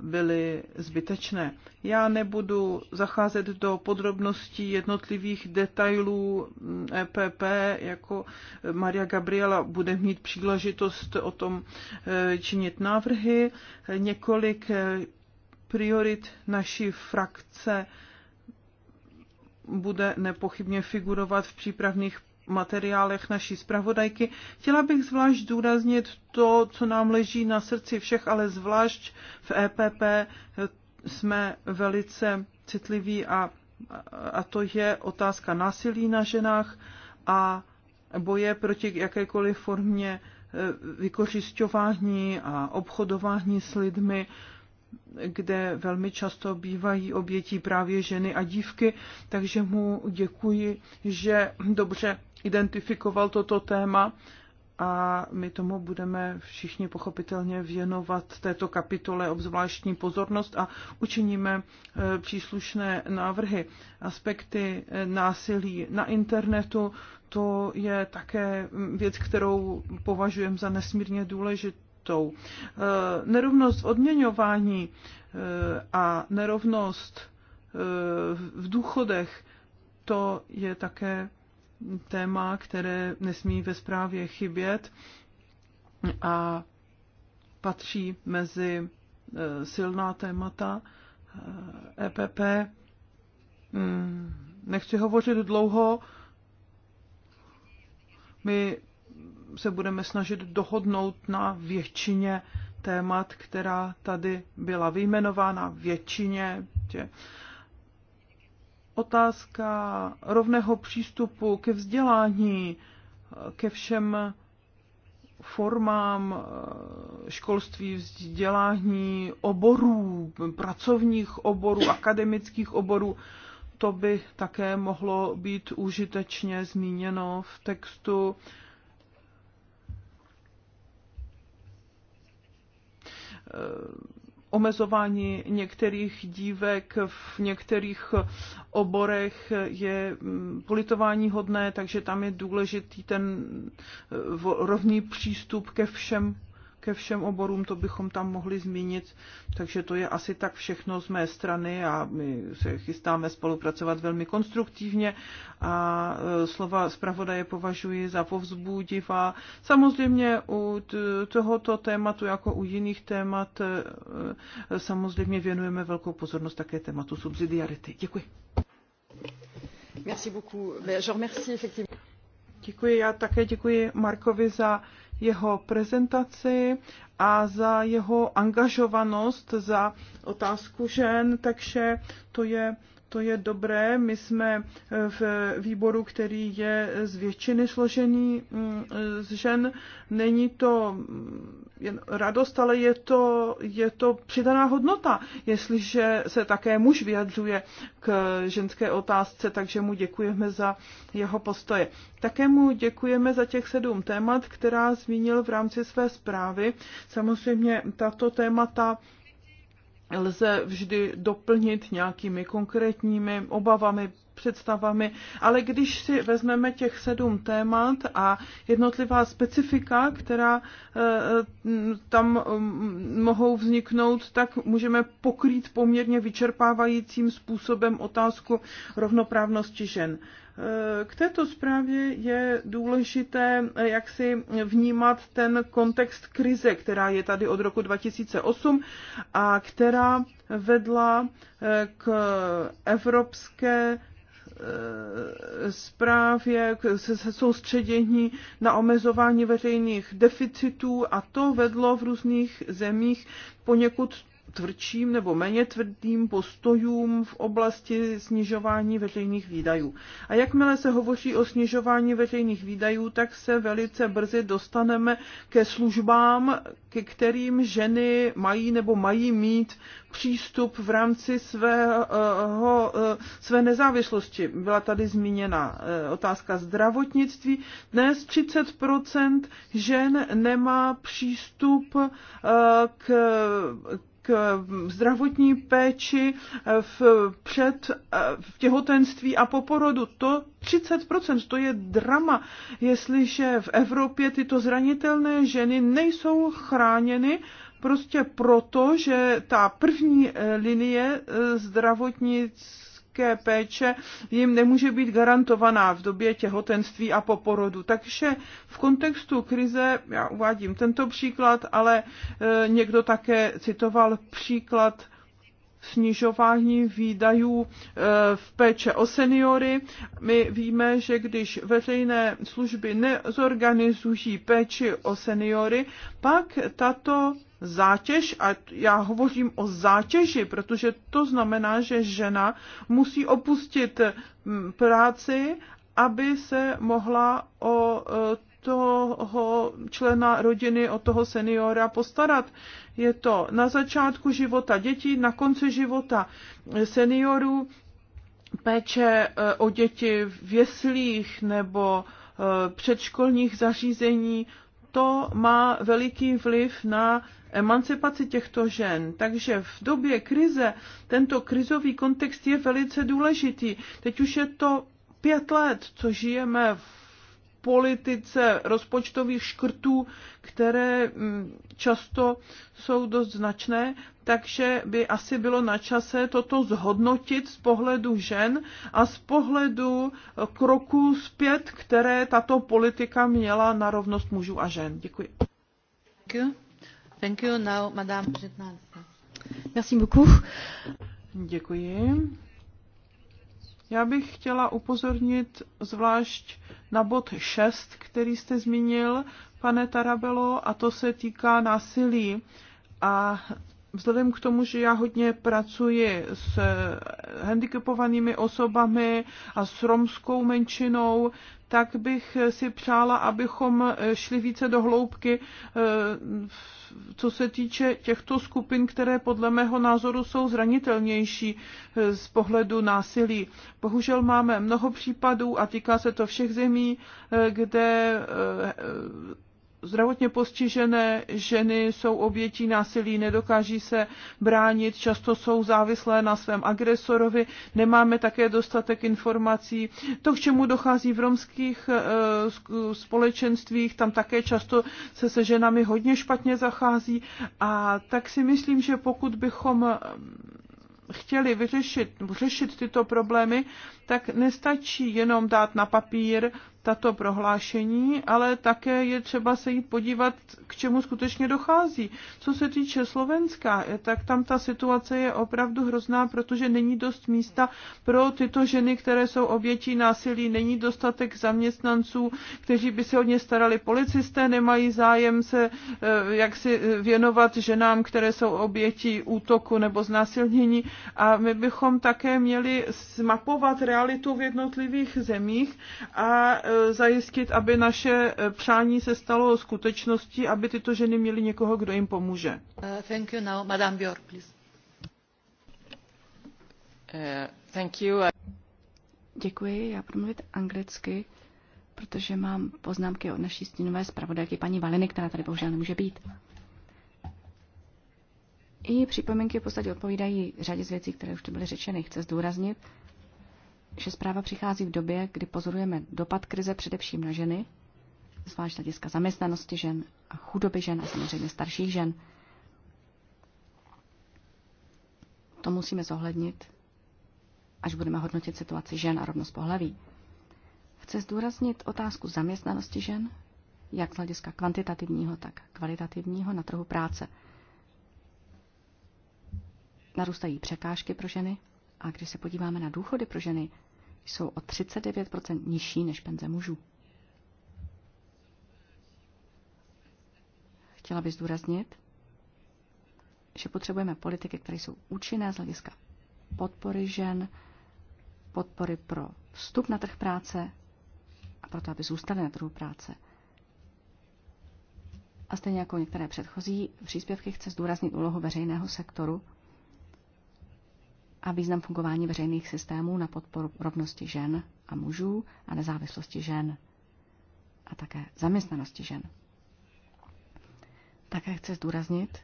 byly zbytečné. Já nebudu zacházet do podrobností jednotlivých detailů mm, EPP, jako Maria Gabriela bude mít příležitost o tom eh, činit návrhy. Několik eh, priorit naší frakce bude nepochybně figurovat v přípravných materiálech naší zpravodajky. Chtěla bych zvlášť zdůraznit to, co nám leží na srdci všech, ale zvlášť v EPP jsme velice citliví a, a to je otázka násilí na ženách a boje proti jakékoliv formě e, vykořišťování a obchodování s lidmi kde velmi často bývají obětí právě ženy a dívky, takže mu děkuji, že dobře identifikoval toto téma a my tomu budeme všichni pochopitelně věnovat této kapitole obzvláštní pozornost a učiníme e, příslušné návrhy. Aspekty e, násilí na internetu, to je také věc, kterou považujeme za nesmírně důležitou realitou. Eh, nerovnost v odměňování eh, a nerovnost eh, v důchodech, to je také téma, které nesmí ve zprávě chybět a patří mezi silná témata EPP. E hmm, nechci hovořit dlouho. My se budeme snažit dohodnout na většině témat, která tady byla vyjmenována, většině. Tě. Otázka rovného přístupu ke vzdělání, ke všem formám eh, školství, vzdělání, oborů, pracovních oborů, akademických oborů. To by také mohlo být užitečně zmíněno v textu. Eh, omezování některých dívek v některých oborech je mm, politování hodné, takže tam je důležitý ten eh, rovný přístup ke všem ke všem oborům, to bychom tam mohli zmínit. Takže to je asi tak všechno z mé strany a my se chystáme spolupracovat velmi konstruktivně a e, slova zpravodaje považuji za povzbudivá. Samozřejmě u tohoto tématu, jako u jiných témat, e, e, samozřejmě věnujeme velkou pozornost také tématu subsidiarity. Děkuji. Merci beaucoup. Je remercie effectivement. Děkuji, já také děkuji Markovi za jeho prezentaci a za jeho angažovanost za otázku žen, takže to je to je dobré. My jsme eh, v výboru, který je z většiny složený mm, z žen. Není to mm, jen radost, ale je to, je to přidaná hodnota, jestliže se také muž vyjadřuje k ženské otázce, takže mu děkujeme za jeho postoje. Také mu děkujeme za těch sedm témat, která zmínil v rámci své zprávy. Samozřejmě tato témata lze vždy doplnit nějakými konkrétními obavami, představami, ale když si vezmeme těch sedm témat a jednotlivá specifika, která eh, eh, tam mm, mohou vzniknout, tak můžeme pokrýt poměrně vyčerpávajícím způsobem otázku rovnoprávnosti žen. K této zprávě je důležité, eh, jak si vnímat ten kontext krize, která je tady od roku 2008 a která vedla eh, k evropské eh, zprávě, k soustředění na omezování veřejných deficitů a to vedlo v různých zemích poněkud tvrdším nebo méně tvrdým postojům v oblasti snižování veřejných výdajů. A jakmile se hovoří o snižování veřejných výdajů, tak se velice brzy dostaneme ke službám, ke kterým ženy mají nebo mají mít přístup v rámci svého, eh, své nezávislosti. Byla tady zmíněna eh, otázka zdravotnictví. Dnes 30 žen nemá přístup eh, k k zdravotní péči v, před, v těhotenství a po porodu. To 30%, to je drama, jestliže v Evropě tyto zranitelné ženy nejsou chráněny prostě proto, že ta první linie eh, zdravotnic lékařské péče jim nemůže být garantovaná v době těhotenství a po porodu. Takže v kontextu krize, já uvádím tento příklad, ale e, někdo také citoval příklad snižování výdajů e, v péče o seniory. My víme, že když veřejné služby nezorganizují péči o seniory, pak tato zátěž a já hovořím o zátěži, protože to znamená, že žena musí opustit mm, práci, aby se mohla o e, toho člena rodiny, o toho seniora postarat. Je to na začátku života dětí, na konci života seniorů, péče e, o děti v jeslích nebo e, předškolních zařízení, to má veliký vliv na emancipaci těchto žen. Takže v době krize tento krizový kontext je velice důležitý. Teď už je to pět let, co žijeme v politice rozpočtových škrtů, které mm, často jsou dost značné, takže by asi bylo na čase toto zhodnotit z pohledu žen a z pohledu kroků zpět, které tato politika měla na rovnost mužů a žen. Děkuji. Thank you. Thank you. Now, Merci beaucoup. Děkuji. Já bych chtěla upozornit zvlášť na bod 6, který jste zmínil, pane Tarabelo, a to se týká násilí. A vzhledem k tomu, že já hodně pracuji s handicapovanými osobami a s romskou menšinou, tak bych si přála, abychom šli více do hloubky, eh, co se týče těchto skupin, které podle mého názoru jsou zranitelnější eh, z pohledu násilí. Bohužel máme mnoho případů a týká se to všech zemí, eh, kde zdravotně postižené ženy jsou obětí násilí, nedokáží se bránit, často jsou závislé na svém agresorovi, nemáme také dostatek informací. To, k čemu dochází v romských eh, společenstvích, tam také často se se ženami hodně špatně zachází a tak si myslím, že pokud bychom ehm, chtěli vyřešit, řešit tyto problémy, tak nestačí jenom dát na papír tato prohlášení, ale také je třeba se jít podívat, k čemu skutečně dochází. Co se týče Slovenska, tak tam ta situace je opravdu hrozná, protože není dost místa pro tyto ženy, které jsou obětí násilí, není dostatek zaměstnanců, kteří by se o ně starali. Policisté nemají zájem se eh, jak si eh, věnovat ženám, které jsou obětí útoku nebo znásilnění a my bychom také měli zmapovat realitu v jednotlivých zemích a e, zajistit, aby naše e, přání se stalo skutečností, aby tyto ženy měly někoho, kdo jim pomůže. Uh, thank you now, Madame Björk, please. Uh, thank you. Děkuji, já budu mluvit anglicky, protože mám poznámky od naší stínové zpravodajky paní Valiny, která tady bohužel nemůže být. Její připomínky v podstatě odpovídají řadě z věcí, které už tu byly řečeny. Chce zdůraznit, že zpráva přichází v době, kdy pozorujeme dopad krize především na ženy, zvlášť hlediska zaměstnanosti žen a chudoby žen a samozřejmě starších žen. To musíme zohlednit, až budeme hodnotit situaci žen a rovnost pohlaví. Chce zdůraznit otázku zaměstnanosti žen, jak z hlediska kvantitativního, tak kvalitativního na trhu práce. Narůstají překážky pro ženy a když se podíváme na důchody pro ženy, jsou o 39% nižší než penze mužů. Chtěla bych zdůraznit, že potřebujeme politiky, které jsou účinné z hlediska podpory žen, podpory pro vstup na trh práce a proto, aby zůstaly na trhu práce. A stejně jako některé předchozí příspěvky chce zdůraznit úlohu veřejného sektoru a význam fungování veřejných systémů na podporu rovnosti žen a mužů a nezávislosti žen a také zaměstnanosti žen. Také chci zdůraznit,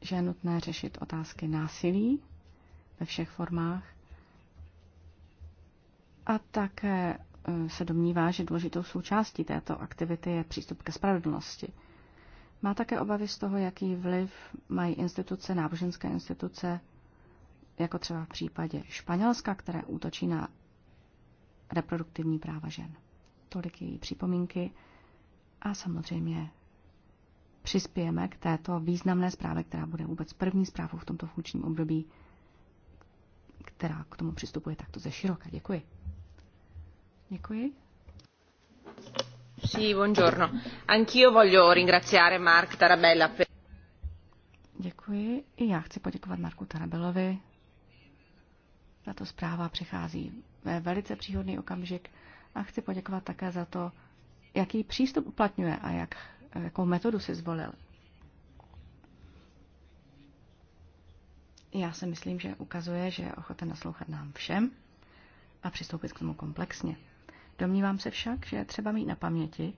že je nutné řešit otázky násilí ve všech formách a také e, se domnívá, že důležitou součástí této aktivity je přístup ke spravedlnosti. Má také obavy z toho, jaký vliv mají instituce, náboženské instituce jako třeba v případě Španělska, které útočí na reproduktivní práva žen. Tolik její připomínky a samozřejmě přispějeme k této významné zprávě, která bude vůbec první zprávou v tomto funkčním období, která k tomu přistupuje takto ze široka. Děkuji. Děkuji. Sì, buongiorno. Anch'io voglio ringraziare Mark Tarabella per... Děkuji. I já chci poděkovat Marku Tarabellovi tato zpráva přichází ve velice příhodný okamžik a chci poděkovat také za to, jaký přístup uplatňuje a jak, jakou metodu si zvolil. Já si myslím, že ukazuje, že je ochoten naslouchat nám všem a přistoupit k tomu komplexně. Domnívám se však, že je třeba mít na paměti,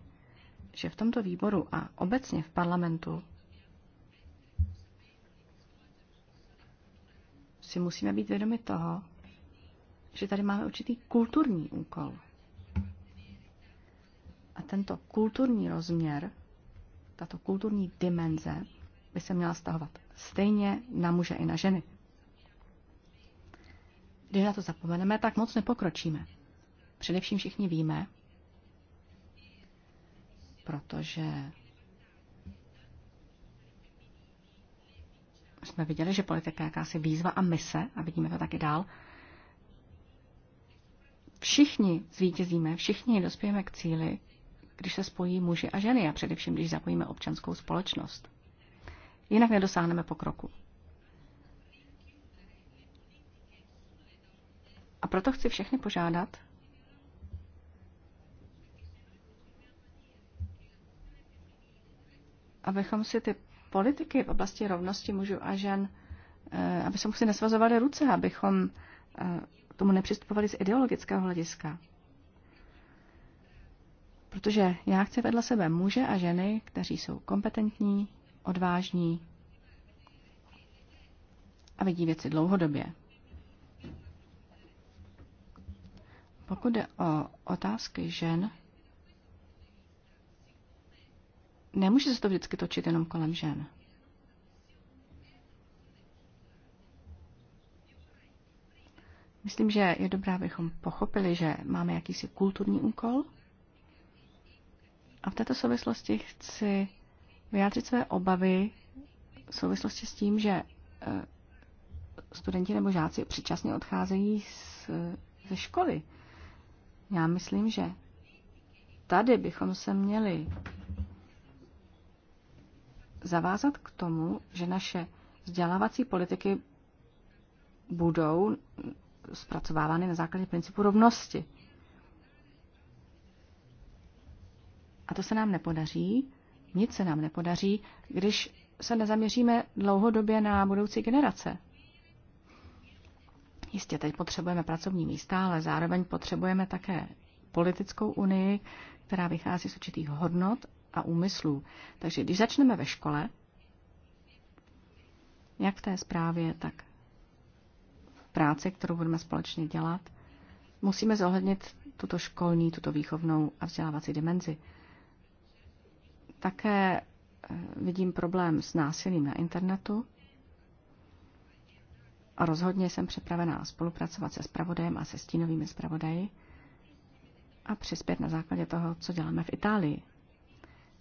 že v tomto výboru a obecně v parlamentu si musíme být vědomi toho, že tady máme určitý kulturní úkol. A tento kulturní rozměr, tato kulturní dimenze by se měla stahovat stejně na muže i na ženy. Když na to zapomeneme, tak moc nepokročíme. Především všichni víme, protože jsme viděli, že politika je jakási výzva a mise, a vidíme to taky dál, Všichni zvítězíme, všichni dospějeme k cíli, když se spojí muži a ženy a především, když zapojíme občanskou společnost. Jinak nedosáhneme pokroku. A proto chci všechny požádat, abychom si ty politiky v oblasti rovnosti mužů a žen, eh, aby si nesvazovali ruce, abychom eh, k tomu nepřistupovali z ideologického hlediska. Protože já chci vedle sebe muže a ženy, kteří jsou kompetentní, odvážní a vidí věci dlouhodobě. Pokud jde o otázky žen, nemůže se to vždycky točit jenom kolem žen. Myslím, že je dobré, abychom pochopili, že máme jakýsi kulturní úkol. A v této souvislosti chci vyjádřit své obavy v souvislosti s tím, že eh, studenti nebo žáci předčasně odcházejí z, ze školy. Já myslím, že tady bychom se měli zavázat k tomu, že naše vzdělávací politiky budou zpracovávány na základě principu rovnosti. A to se nám nepodaří, nic se nám nepodaří, když se nezaměříme dlouhodobě na budoucí generace. Jistě, teď potřebujeme pracovní místa, ale zároveň potřebujeme také politickou unii, která vychází z určitých hodnot a úmyslů. Takže když začneme ve škole, jak v té zprávě, tak Práce, kterou budeme společně dělat, musíme zohlednit tuto školní, tuto výchovnou a vzdělávací dimenzi. Také eh, vidím problém s násilím na internetu a rozhodně jsem připravená spolupracovat se spravodajem a se stínovými spravodaji a přispět na základě toho, co děláme v Itálii.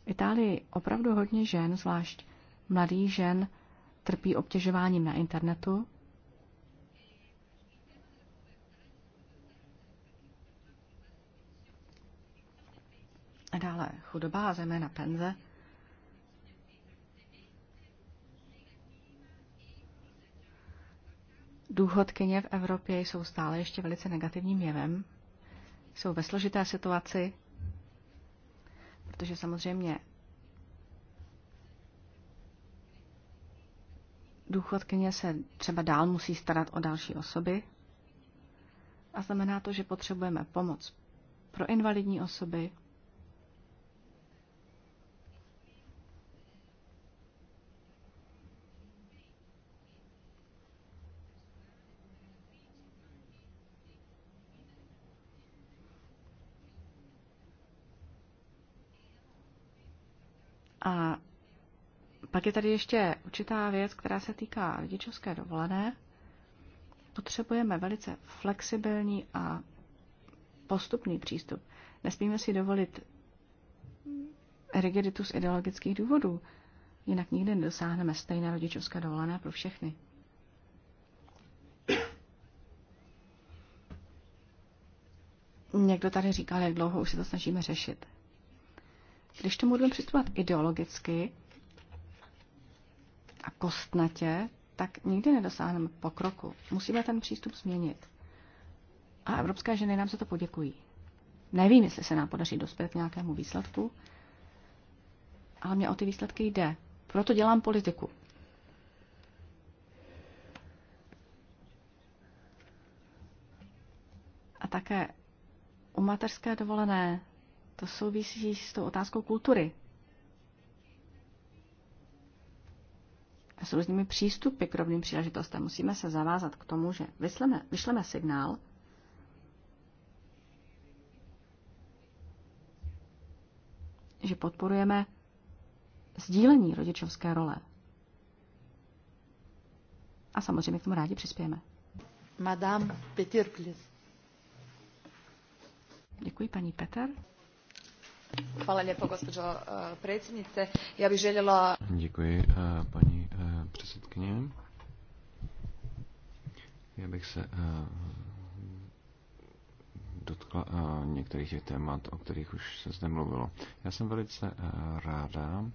V Itálii opravdu hodně žen, zvlášť mladých žen, trpí obtěžováním na internetu A dále chudoba a zejména penze. Důchodkyně v Evropě jsou stále ještě velice negativním jevem. Jsou ve složité situaci, protože samozřejmě důchodkyně se třeba dál musí starat o další osoby. A znamená to, že potřebujeme pomoc pro invalidní osoby, A pak je tady ještě určitá věc, která se týká rodičovské dovolené. Potřebujeme velice flexibilní a postupný přístup. Nesmíme si dovolit rigiditu z ideologických důvodů, jinak nikdy nedosáhneme stejné rodičovské dovolené pro všechny. Někdo tady říkal, jak dlouho už se to snažíme řešit. Když tomu budeme přistupovat ideologicky a kostnatě, tak nikdy nedosáhneme pokroku. Musíme ten přístup změnit. A evropské ženy nám za to poděkují. Nevím, jestli se nám podaří dospět k nějakému výsledku, ale mě o ty výsledky jde. Proto dělám politiku. A také u mateřské dovolené to souvisí s tou otázkou kultury. A s různými přístupy k rovným příležitostem musíme se zavázat k tomu, že vysleme, vyšleme signál, že podporujeme sdílení rodičovské role. A samozřejmě k tomu rádi přispějeme. Madame please. Děkuji, paní Petr. Hvala lijepo, gospođo eh, predsjednice. Já bych željela... Děkuji, eh, paní eh, předsedkyně. Já bych se dotkla některých témat, o kterých už se zde mluvilo. Já jsem velice ráda,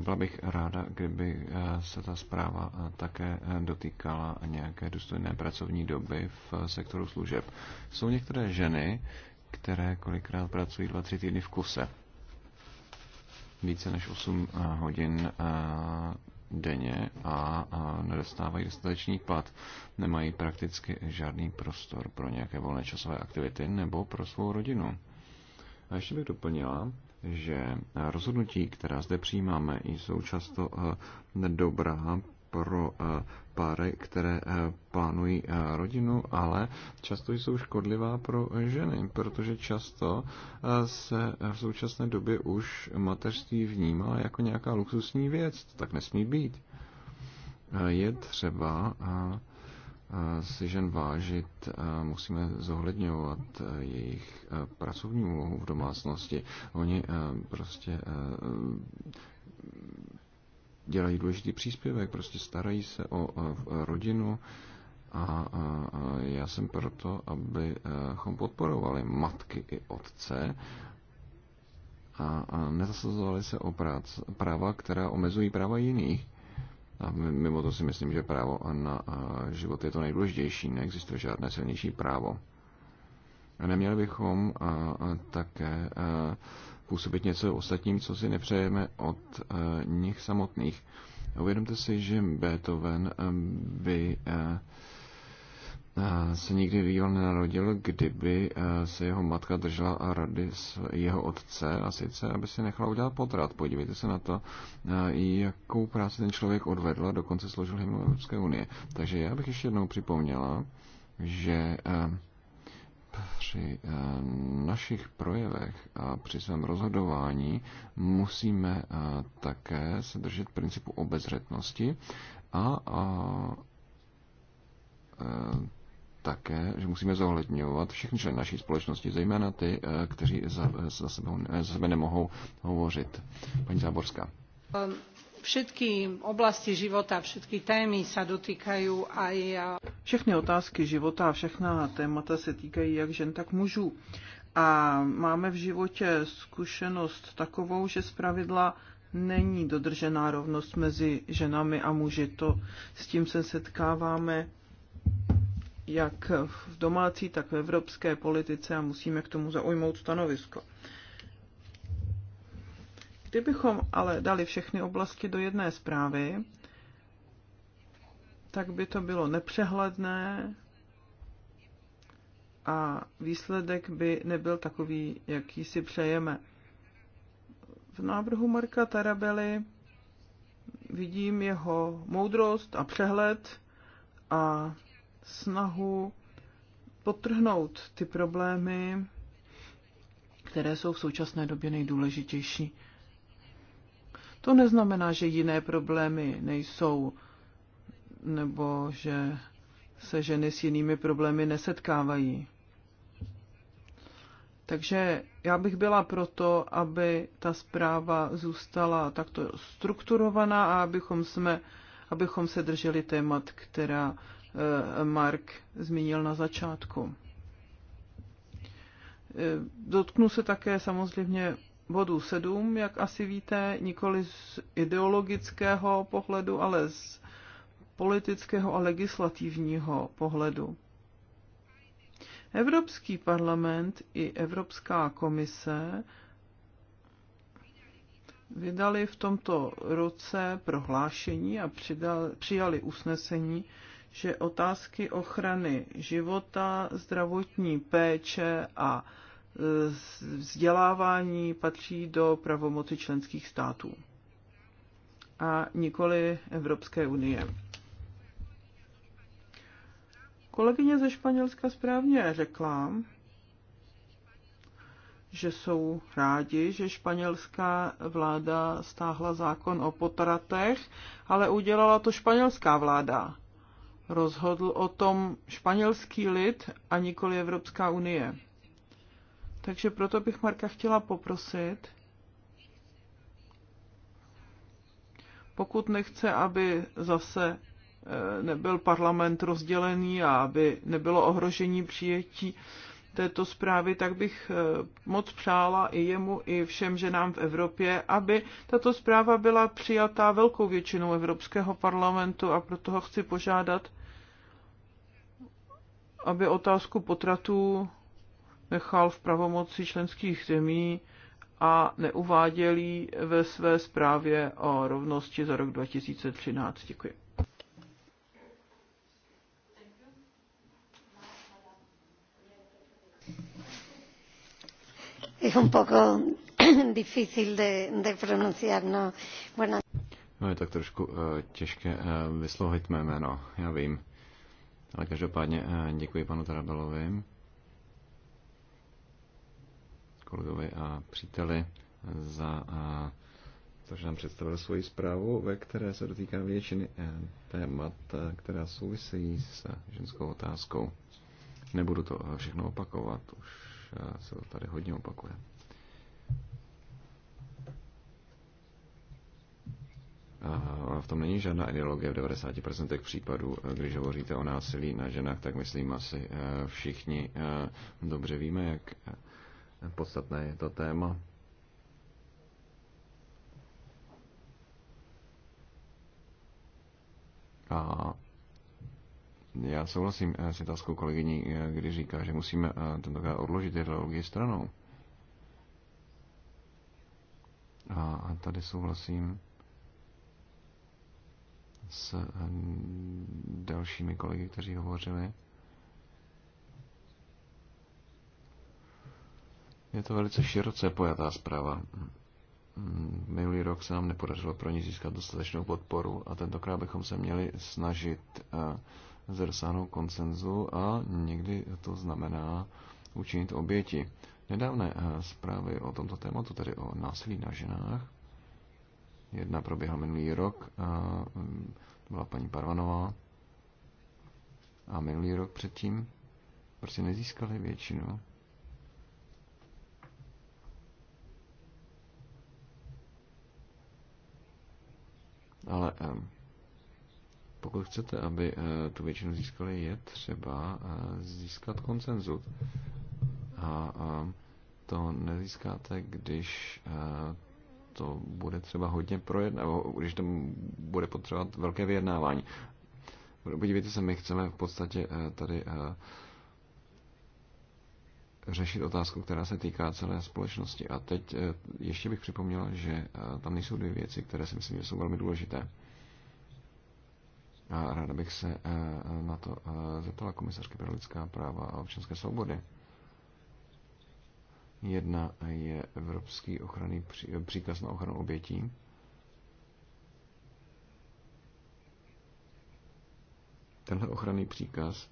byla bych ráda, kdyby se ta zpráva také dotýkala nějaké důstojné pracovní doby v sektoru služeb. Jsou některé ženy, které kolikrát pracují dva tři týdny v kuse. Více než 8 eh, hodin eh, denně a nedostávají dostatečný plat. Nemají prakticky žádný prostor pro nějaké volné časové aktivity nebo pro svou rodinu. A ještě bych doplnila, že rozhodnutí, která zde přijímáme, jsou často eh, dobrá pro eh, páry, které eh, plánují eh, rodinu, ale často jsou škodlivá pro ženy, protože často se v současné době už mateřství vnímá jako nějaká luxusní věc. To tak nesmí být. Je třeba si žen vážit, musíme zohledňovat jejich pracovní úlohu v domácnosti. Oni prostě dělají důležitý příspěvek, prostě starají se o, o rodinu a, a, a já jsem proto, abychom podporovali matky i otce a, a nezasazovali se o prác, práva, která omezují práva jiných. A mimo to si myslím, že právo na život je to nejdůležitější, neexistuje žádné silnější právo. Neměli bychom také působit něco ostatním, co si nepřejeme od eh, nich samotných. Uvědomte si, že Beethoven eh, by eh, se nikdy býval nenarodil, kdyby se jeho matka držela rady s jeho otce a sice, aby si nechala udělat potrat. Podívejte se na to, jakou práci ten člověk odvedl a dokonce složil hymnu Evropské unie. Takže já bych ještě jednou připomněla, že při eh, našich projevech a při svém rozhodování musíme eh, také se držet principu obezřetnosti a, a eh, také, že musíme zohledňovat všechny členy naší společnosti, zejména ty, kteří za, za, sebou, za sebe nemohou hovořit. Paní Záborská. Um všetky oblasti života, všetky témy sa dotýkajú aj... Všechny otázky života a všechna témata se týkají jak žen, tak mužů. A máme v životě zkušenost takovou, že zpravidla není dodržená rovnost mezi ženami a muži. To s tím se setkáváme jak v domácí, tak v evropské politice a musíme k tomu zaujmout stanovisko. Kdybychom ale dali všechny oblasti do jedné zprávy, tak by to bylo nepřehledné a výsledek by nebyl takový, jaký si přejeme. V návrhu Marka Tarabely vidím jeho moudrost a přehled a snahu potrhnout ty problémy, které jsou v současné době nejdůležitější. To neznamená, že jiné problémy nejsou, nebo že se ženy s jinými problémy nesetkávají. Takže já bych byla proto, aby ta zpráva zůstala takto strukturovaná a abychom, jsme, abychom se drželi témat, která eh, Mark zmínil na začátku. Eh, dotknu se také samozřejmě bodu 7, jak asi víte, nikoli z ideologického pohledu, ale z politického a legislativního pohledu. Evropský parlament i Evropská komise vydali v tomto roce prohlášení a přijali usnesení, že otázky ochrany života, zdravotní péče a vzdělávání patří do pravomoci členských států a nikoli Evropské unie. Kolegyně ze Španělska správně řekla, že jsou rádi, že španělská vláda stáhla zákon o potratech, ale udělala to španělská vláda. Rozhodl o tom španělský lid a nikoli Evropská unie. Takže proto bych Marka chtěla poprosit, pokud nechce, aby zase eh, nebyl parlament rozdělený a aby nebylo ohrožení přijetí této zprávy, tak bych eh, moc přála i jemu, i všem ženám v Evropě, aby tato zpráva byla přijatá velkou většinou Evropského parlamentu a proto ho chci požádat, aby otázku potratů nechal v pravomoci členských zemí a neuváděl ji ve své zprávě o rovnosti za rok 2013. Děkuji. ¿no? No je tak trošku uh, těžké uh, vyslovit mé jméno, já vím. Ale každopádně uh, děkuji panu Tarabelovi kolegovi a příteli za to, že nám představil svoji zprávu, ve které se dotýká většiny eh, témat, eh, která souvisejí s eh, ženskou otázkou. Nebudu to všechno opakovat, už se to tady hodně opakuje. A v tom není žádná ideologie v 90% případů. Když hovoříte o násilí na ženách, tak myslím asi všichni dobře víme, jak podstatné je to téma. A já souhlasím eh, s italskou kolegyní, eh, kdy říká, že musíme eh, tentokrát odložit ideologii stranou. A tady souhlasím s dalšími kolegy, kteří hovořili. Je to velice široce pojatá zpráva. Minulý rok se nám nepodařilo pro ní získat dostatečnou podporu a tentokrát bychom se měli snažit eh, zrsáhnout konsenzu a někdy to znamená učinit oběti. Nedávné eh, zprávy o tomto tématu, tedy o násilí na ženách, jedna proběhla minulý rok, eh, to byla paní Parvanová, a minulý rok předtím prostě nezískali většinu Ale eh, pokud chcete, aby eh, tu většinu získali, je třeba eh, získat konsenzus. A to nezískáte, když to bude třeba hodně nebo když to bude potřebovat velké vyjednávání. Podívejte se, my chceme v podstatě tady řešit otázku, která se týká celé společnosti. A teď eh, ještě bych připomněl, že eh, tam nejsou dvě věci, které si myslím, že jsou velmi důležité. A ráda bych se eh, na to zeptala komisařky pro lidská práva a občanské svobody. Jedna je Evropský ochranný příkaz na ochranu obětí. Tenhle ochranný příkaz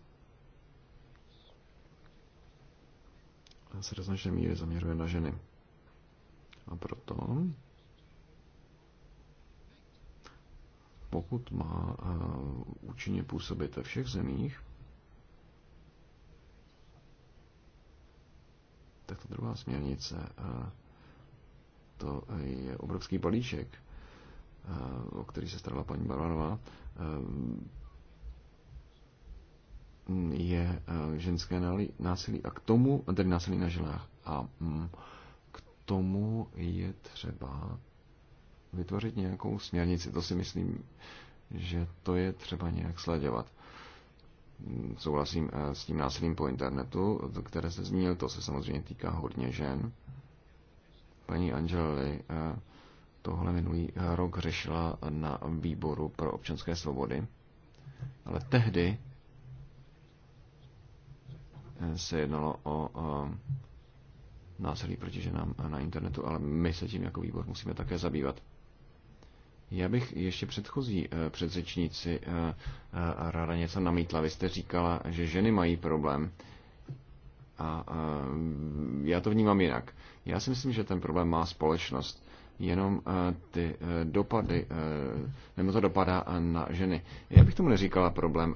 se do značné míry zaměřuje na ženy. A proto, pokud má eh, účinně působit ve všech zemích, tak ta druhá směrnice, eh, to je obrovský balíček, eh, o který se starala paní uh, je eh, ženské násilí a k tomu, tedy násilí na žilách, a mm, k tomu je třeba vytvořit nějakou směrnici. To si myslím, že to je třeba nějak sledovat. Mm, souhlasím eh, s tím násilím po internetu, které se zmínil, to se samozřejmě týká hodně žen. Paní Angeli eh, tohle minulý rok řešila na výboru pro občanské svobody, ale tehdy se jednalo o, o násilí proti ženám na internetu, ale my se tím jako výbor musíme také zabývat. Já bych ještě předchozí eh, předřečníci eh, eh, ráda něco namítla. Vy jste říkala, že ženy mají problém. A já to vnímám jinak. Já si myslím, že ten problém má společnost jenom eh, ty eh, dopady, eh, nebo to dopadá na ženy. Já bych tomu neříkala problém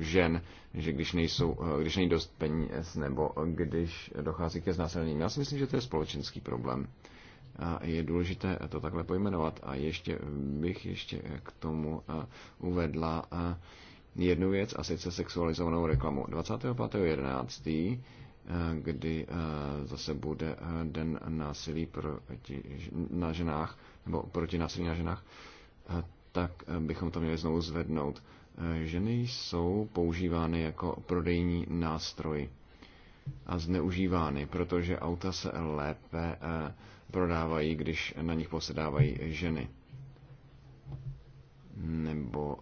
žen, že když, nejsou, když není dost peněz, nebo když dochází ke znásilnění. Já si myslím, že to je společenský problém. A je důležité to takhle pojmenovat. A ještě bych ještě k tomu uvedla jednu věc, a sice sexualizovanou reklamu. 25.11 kdy eh, zase bude eh, den násilí proti, na ženách, nebo proti násilí na ženách, eh, tak bychom to měli znovu zvednout. Ženy jsou používány jako prodejní nástroj a zneužívány, protože auta se lépe prodávají, když na nich posedávají ženy. Nebo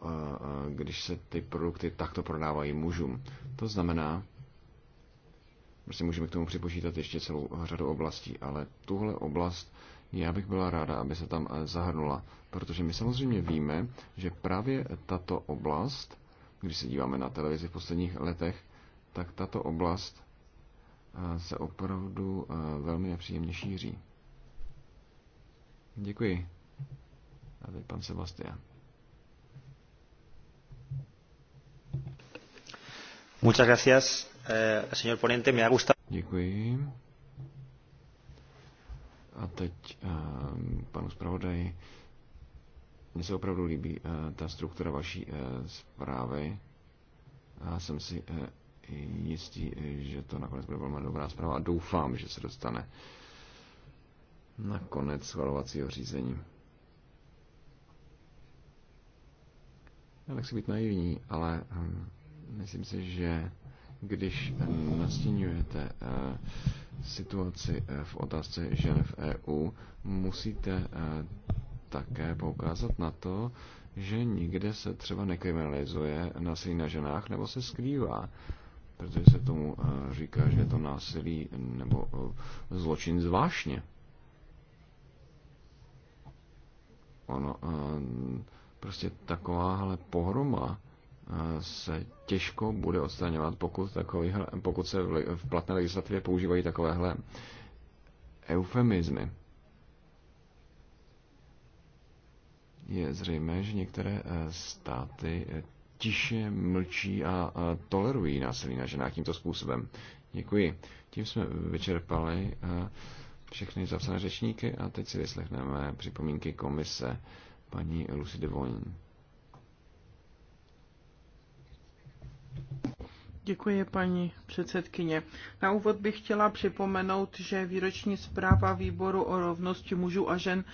když se ty produkty takto prodávají mužům. To znamená, Prostě můžeme k tomu připočítat ještě celou řadu oblastí, ale tuhle oblast já bych byla ráda, aby se tam eh, zahrnula, protože my samozřejmě víme, že právě tato oblast, když se díváme na televizi v posledních letech, tak tato oblast eh, se opravdu eh, velmi nepříjemně šíří. Děkuji. A teď pan Sebastian. Muchas gracias. Eh, señor ponente. Me ha gustado. Děkuji. A teď ehm, panu zpravodaji. Mně se opravdu líbí eh, ta struktura vaší eh, zprávy. Já jsem si jistý, že to nakonec bude velmi dobrá zpráva a doufám, že se dostane na konec schvalovacího řízení. Já nechci být naivní, ale ehm, myslím si, že když eh, nastínujete eh, situaci eh, v otázce žen v EU, musíte také poukázat na to, že nikde se třeba nekriminalizuje násilí na ženách nebo se skrývá, protože se tomu říká, že je to násilí nebo zločin zvláštně. Ono, prostě takováhle pohroma se těžko bude odstraňovat, pokud, takový, pokud se v platné legislativě používají takovéhle eufemizmy. Je zřejmé, že některé eh, státy eh, tiše mlčí a eh, tolerují násilí na ženách tímto způsobem. Děkuji. Tím jsme vyčerpali všechny zapsané řečníky a teď si vyslechneme připomínky komise paní Lucy Devoin. Děkuji, paní předsedkyně. Na úvod bych chtěla připomenout, že výroční zpráva výboru o rovnosti mužů a žen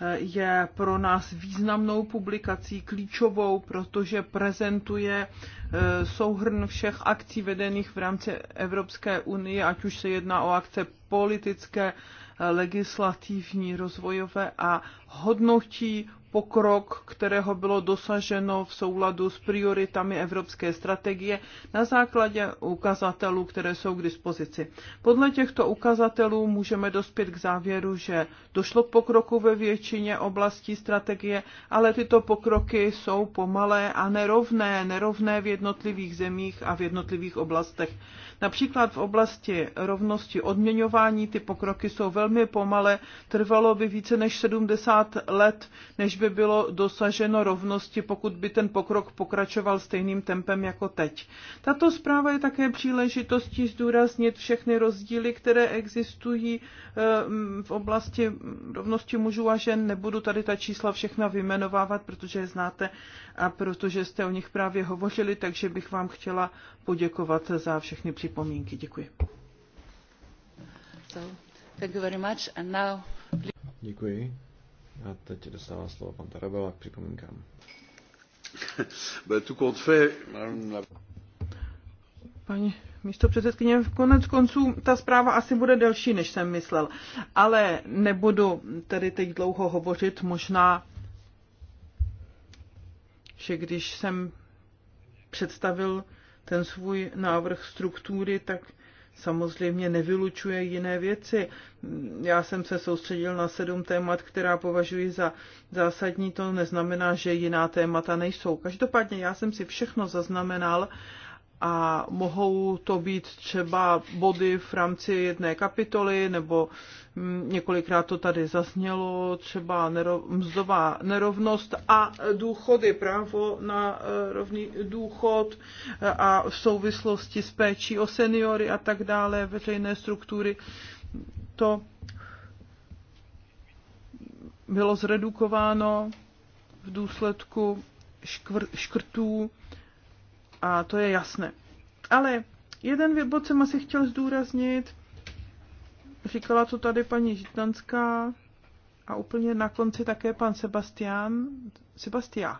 eh, je pro nás významnou publikací, klíčovou, protože prezentuje eh, souhrn všech akcí vedených v rámci Evropské unie, ať už se jedná o akce politické, eh, legislativní, rozvojové a hodnotí pokrok, kterého bylo dosaženo v souladu s prioritami evropské strategie na základě ukazatelů, které jsou k dispozici. Podle těchto ukazatelů můžeme dospět k závěru, že došlo k pokroku ve většině oblastí strategie, ale tyto pokroky jsou pomalé a nerovné, nerovné v jednotlivých zemích a v jednotlivých oblastech. Například v oblasti rovnosti odměňování ty pokroky jsou velmi pomalé, trvalo by více než 70 let, než by bylo dosaženo rovnosti, pokud by ten pokrok pokračoval stejným tempem jako teď. Tato zpráva je také příležitostí zdůraznit všechny rozdíly, které existují eh, v oblasti rovnosti mužů a žen. Nebudu tady ta čísla všechna vymenovávat, protože je znáte a protože jste o nich právě hovořili, takže bych vám chtěla poděkovat za všechny připomínky. Děkuji. So, thank you very much and now... Děkuji. A teď dostává slovo pan Tarabela k připomínkám. Paní místo předsedkyně, v konec konců ta zpráva asi bude delší, než jsem myslel. Ale nebudu tady teď dlouho hovořit, možná že když jsem představil ten svůj návrh struktury, tak samozřejmě nevylučuje jiné věci. Já jsem se soustředil na sedm témat, která považuji za zásadní. To neznamená, že jiná témata nejsou. Každopádně já jsem si všechno zaznamenal a mohou to být třeba body v rámci jedné kapitoly, nebo mm, několikrát to tady zaznělo, třeba nerov, mzdová nerovnost a důchody, právo na e, rovný důchod e, a v souvislosti s péčí o seniory a tak dále, veřejné struktury. To bylo zredukováno v důsledku škr- škrtů a to je jasné. Ale jeden bod jsem asi chtěl zdůraznit, říkala to tady paní Žitanská a úplně na konci také pan Sebastian, Sebastian.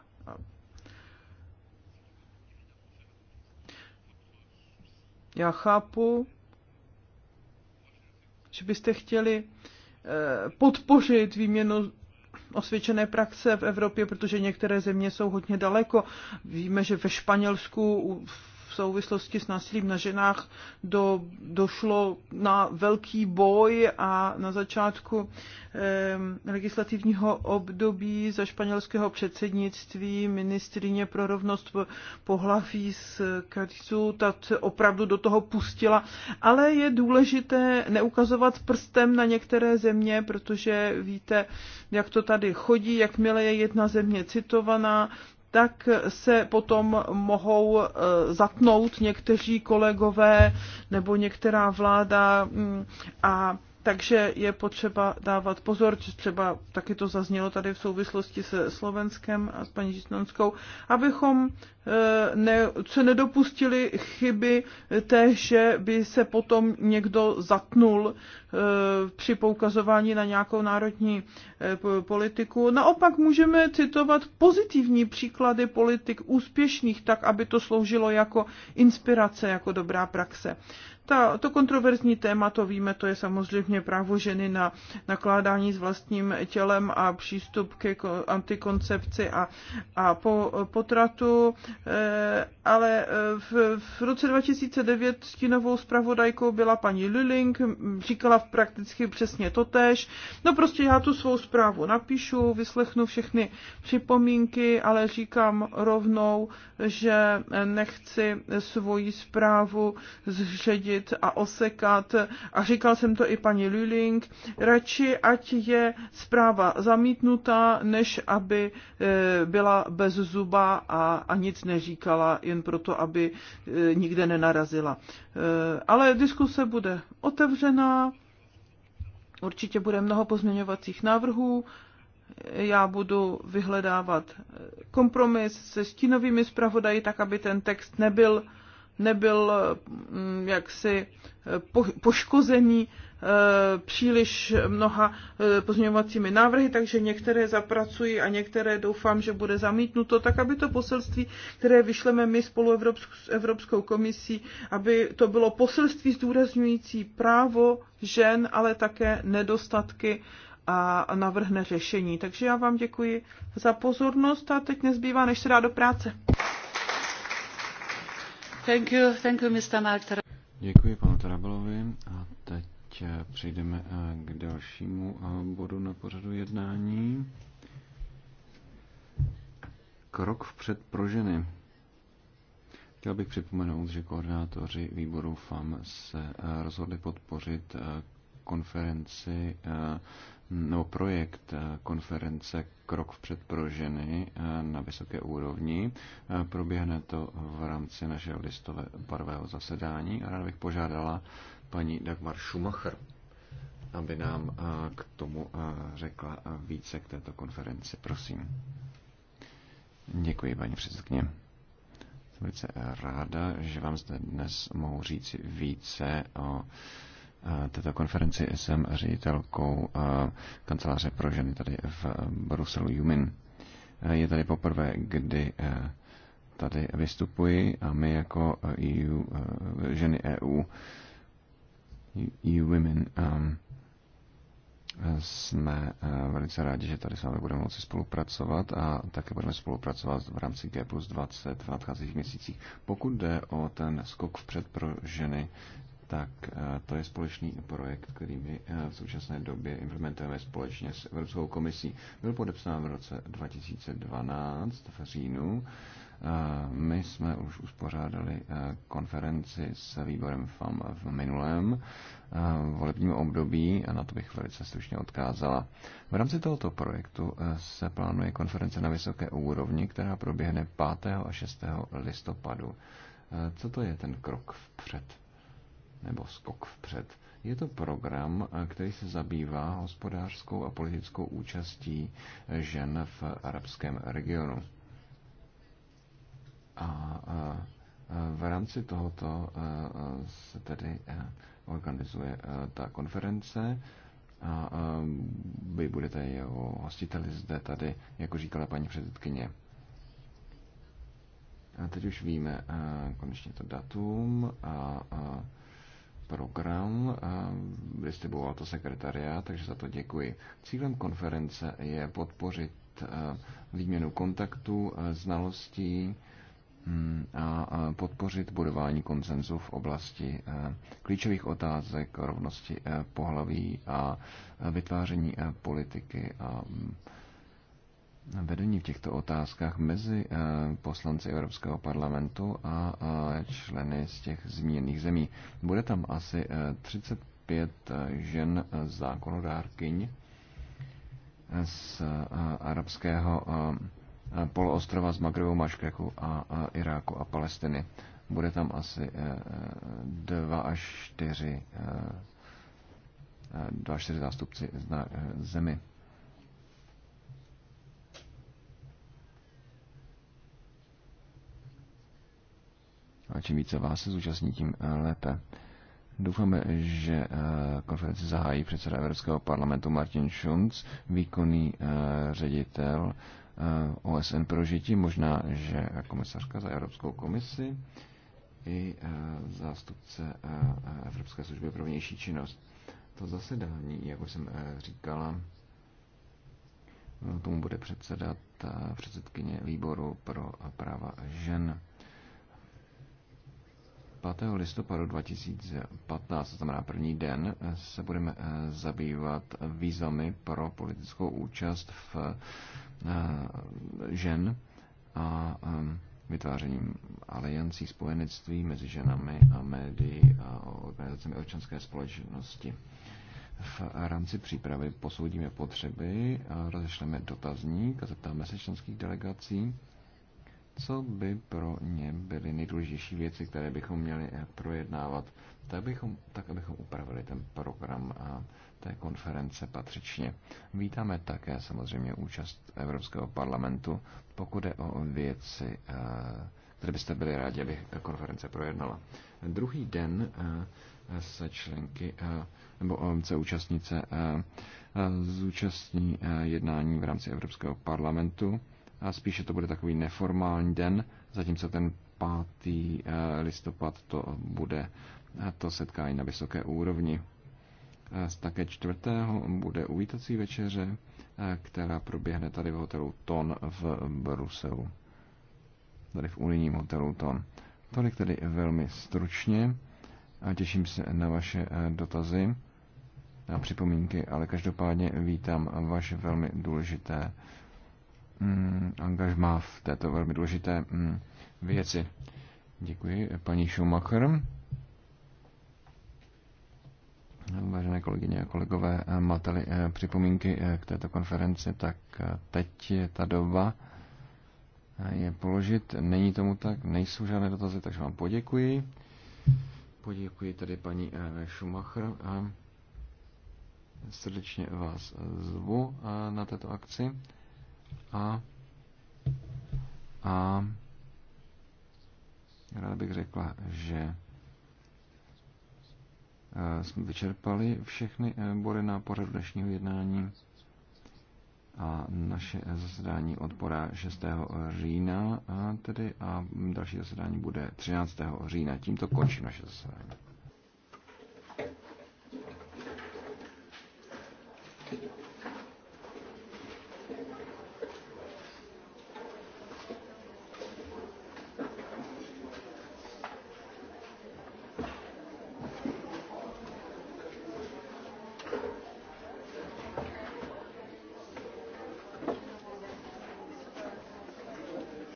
Já chápu, že byste chtěli eh, podpořit výměnu osvědčené praxe v Evropě, protože některé země jsou hodně daleko. Víme, že ve Španělsku souvislosti s násilím na ženách do, došlo na velký boj a na začátku eh, legislativního období za španělského předsednictví ministrině pro rovnost pohlaví z Karisu, ta se opravdu do toho pustila, ale je důležité neukazovat prstem na některé země, protože víte, jak to tady chodí, jakmile je jedna země citovaná, tak se potom mohou eh, zatnout někteří kolegové nebo některá vláda mm, a takže je potřeba dávat pozor, třeba taky to zaznělo tady v souvislosti se Slovenskem a s paní Žitnonskou, abychom eh, ne, se nedopustili chyby té, že by se potom někdo zatnul eh, při poukazování na nějakou národní eh, politiku. Naopak můžeme citovat pozitivní příklady politik úspěšných, tak aby to sloužilo jako inspirace, jako dobrá praxe. Ta, to kontroverzní téma, to víme, to je samozřejmě právo ženy na nakládání s vlastním tělem a přístup ke antikoncepci a, a po, potratu, e, ale eh, v, v roce 2009 stínovou zpravodajkou byla paní Lilling, říkala prakticky přesně totéž. No prostě já tu svou zprávu napíšu, vyslechnu všechny připomínky, ale říkám rovnou, že nechci svoji zprávu zředit škodit a osekat. A říkal jsem to i paní Lüling, radši ať je zpráva zamítnutá, než aby e, byla bez zuba a, a nic neříkala, jen proto, aby e, nikde nenarazila. E, ale diskuse bude otevřená, určitě bude mnoho pozměňovacích návrhů, já budu vyhledávat kompromis se stínovými zpravodaji, tak aby ten text nebyl nebyl mm, jaksi poškozený eh, příliš mnoha eh, pozměňovacími návrhy, takže některé zapracují a některé doufám, že bude zamítnuto, tak aby to poselství, které vyšleme my spolu s Evropskou komisí, aby to bylo poselství zdůrazňující právo žen, ale také nedostatky a navrhne řešení. Takže já vám děkuji za pozornost a teď nezbývá, než se dá do práce. Děkuji panu Tarabalovi. a teď eh, přejdeme eh, k dalšímu eh, bodu na pořadu jednání. Krok vpřed pro ženy. Chtěl bych připomenout, že koordinátoři výboru FAM se rozhodli podpořit konferenci nebo projekt eh, konference Krok vpřed pro ženy eh, na vysoké úrovni. Eh, proběhne to v rámci našeho listové barvého zasedání a rád bych požádala paní Dagmar Schumacher, aby nám k tomu řekla více k této konferenci. Prosím. Děkuji, paní předsedkyně. Jsem velice ráda, že vám zde dnes mohu říct více o této konferenci jsem ředitelkou eh, kanceláře pro ženy tady v eh, Bruselu Jumin. Eh, je tady poprvé, kdy tady vystupuji a my jako EU, e ženy EU, EU Women, jsme velice rádi, že tady s vámi budeme moci spolupracovat a také budeme spolupracovat v rámci G plus 20 v nadcházejících měsících. Pokud jde o ten skok vpřed pro ženy, tak eh, to je společný projekt, který my eh, v současné době implementujeme společně s Evropskou komisí. Byl podepsán v roce 2012 v říjnu. Eh, my jsme už uspořádali konferenci s výborem FAM v minulém volebním období a na to bych velice slušně odkázala. V rámci tohoto projektu se plánuje konference na vysoké úrovni, která proběhne 5. a 6. listopadu. Co to je ten krok vpřed? nebo skok vpřed. Je to program, který se zabývá hospodářskou a politickou účastí žen v arabském regionu. A v rámci tohoto se tedy organizuje ta konference a vy budete jeho hostiteli zde tady, jako říkala paní předsedkyně. A teď už víme konečně to datum a, a program, distribuoval to sekretariát, takže za to děkuji. Cílem konference je podpořit výměnu kontaktů, znalostí hm, a podpořit budování koncenzu v oblasti klíčových otázek rovnosti pohlaví a vytváření politiky a hm, vedení v těchto otázkách mezi eh, poslanci Evropského parlamentu a eh, členy z těch zmíněných zemí. Bude tam asi 35 eh, žen zákonodárkyň z arabského poloostrova z Magrebu, Maškeku a Iráku a Palestiny. Bude tam asi 2 až 4 dva až čtyři zástupci zemi. A čím více vás se zúčastní, tím eh, lépe. Doufáme, že eh, konferenci zahájí předseda Evropského parlamentu Martin Schunz, výkonný eh, ředitel OSN pro žití, možná, že komisařka za Evropskou komisi i zástupce Evropské služby pro vnější činnost. To zasedání, jak už jsem říkala, tomu bude předsedat předsedkyně výboru pro práva žen. 5. listopadu 2015, to znamená první den, se budeme eh, zabývat výzvami pro politickou účast v eh, žen a eh, vytvářením aliancí spojenectví mezi ženami a médií a organizacemi občanské společnosti. V rámci přípravy posoudíme potřeby, rozešleme dotazník a zeptáme se členských delegací co by pro ně byly nejdůležitější věci, které bychom měli eh, projednávat, tak, bychom, tak abychom upravili ten program a té konference patřičně. Vítáme také samozřejmě účast Evropského parlamentu, pokud je o věci, eh, které byste byli rádi, aby ta konference projednala. Druhý den eh, se členky nebo se účastnice zúčastní jednání v rámci Evropského parlamentu a spíše to bude takový neformální den, zatímco ten 5. Eh, listopad to bude eh, to setkání na vysoké úrovni. Z eh, také čtvrtého bude uvítací večeře, která proběhne tady v hotelu Ton v Bruselu. Tady v unijním hotelu Ton. Tolik tedy velmi stručně a těším se na vaše dotazy a připomínky, ale každopádně vítám vaše velmi důležité Mm, angažma v této velmi důležité mm, věci. Děkuji, paní Schumacher. Vážené kolegyně a kolegové, máte-li eh, připomínky eh, k této konferenci, tak eh, teď je ta doba je položit. Není tomu tak, nejsou žádné dotazy, takže vám poděkuji. Poděkuji tady paní Schumacher a srdečně vás zvu na této akci. A, a rád bych řekla, že e, jsme vyčerpali všechny e, body na pořadu dnešního jednání a naše zasedání odpora 6. října a tedy a další zasedání bude 13. října. Tímto končí naše zasedání.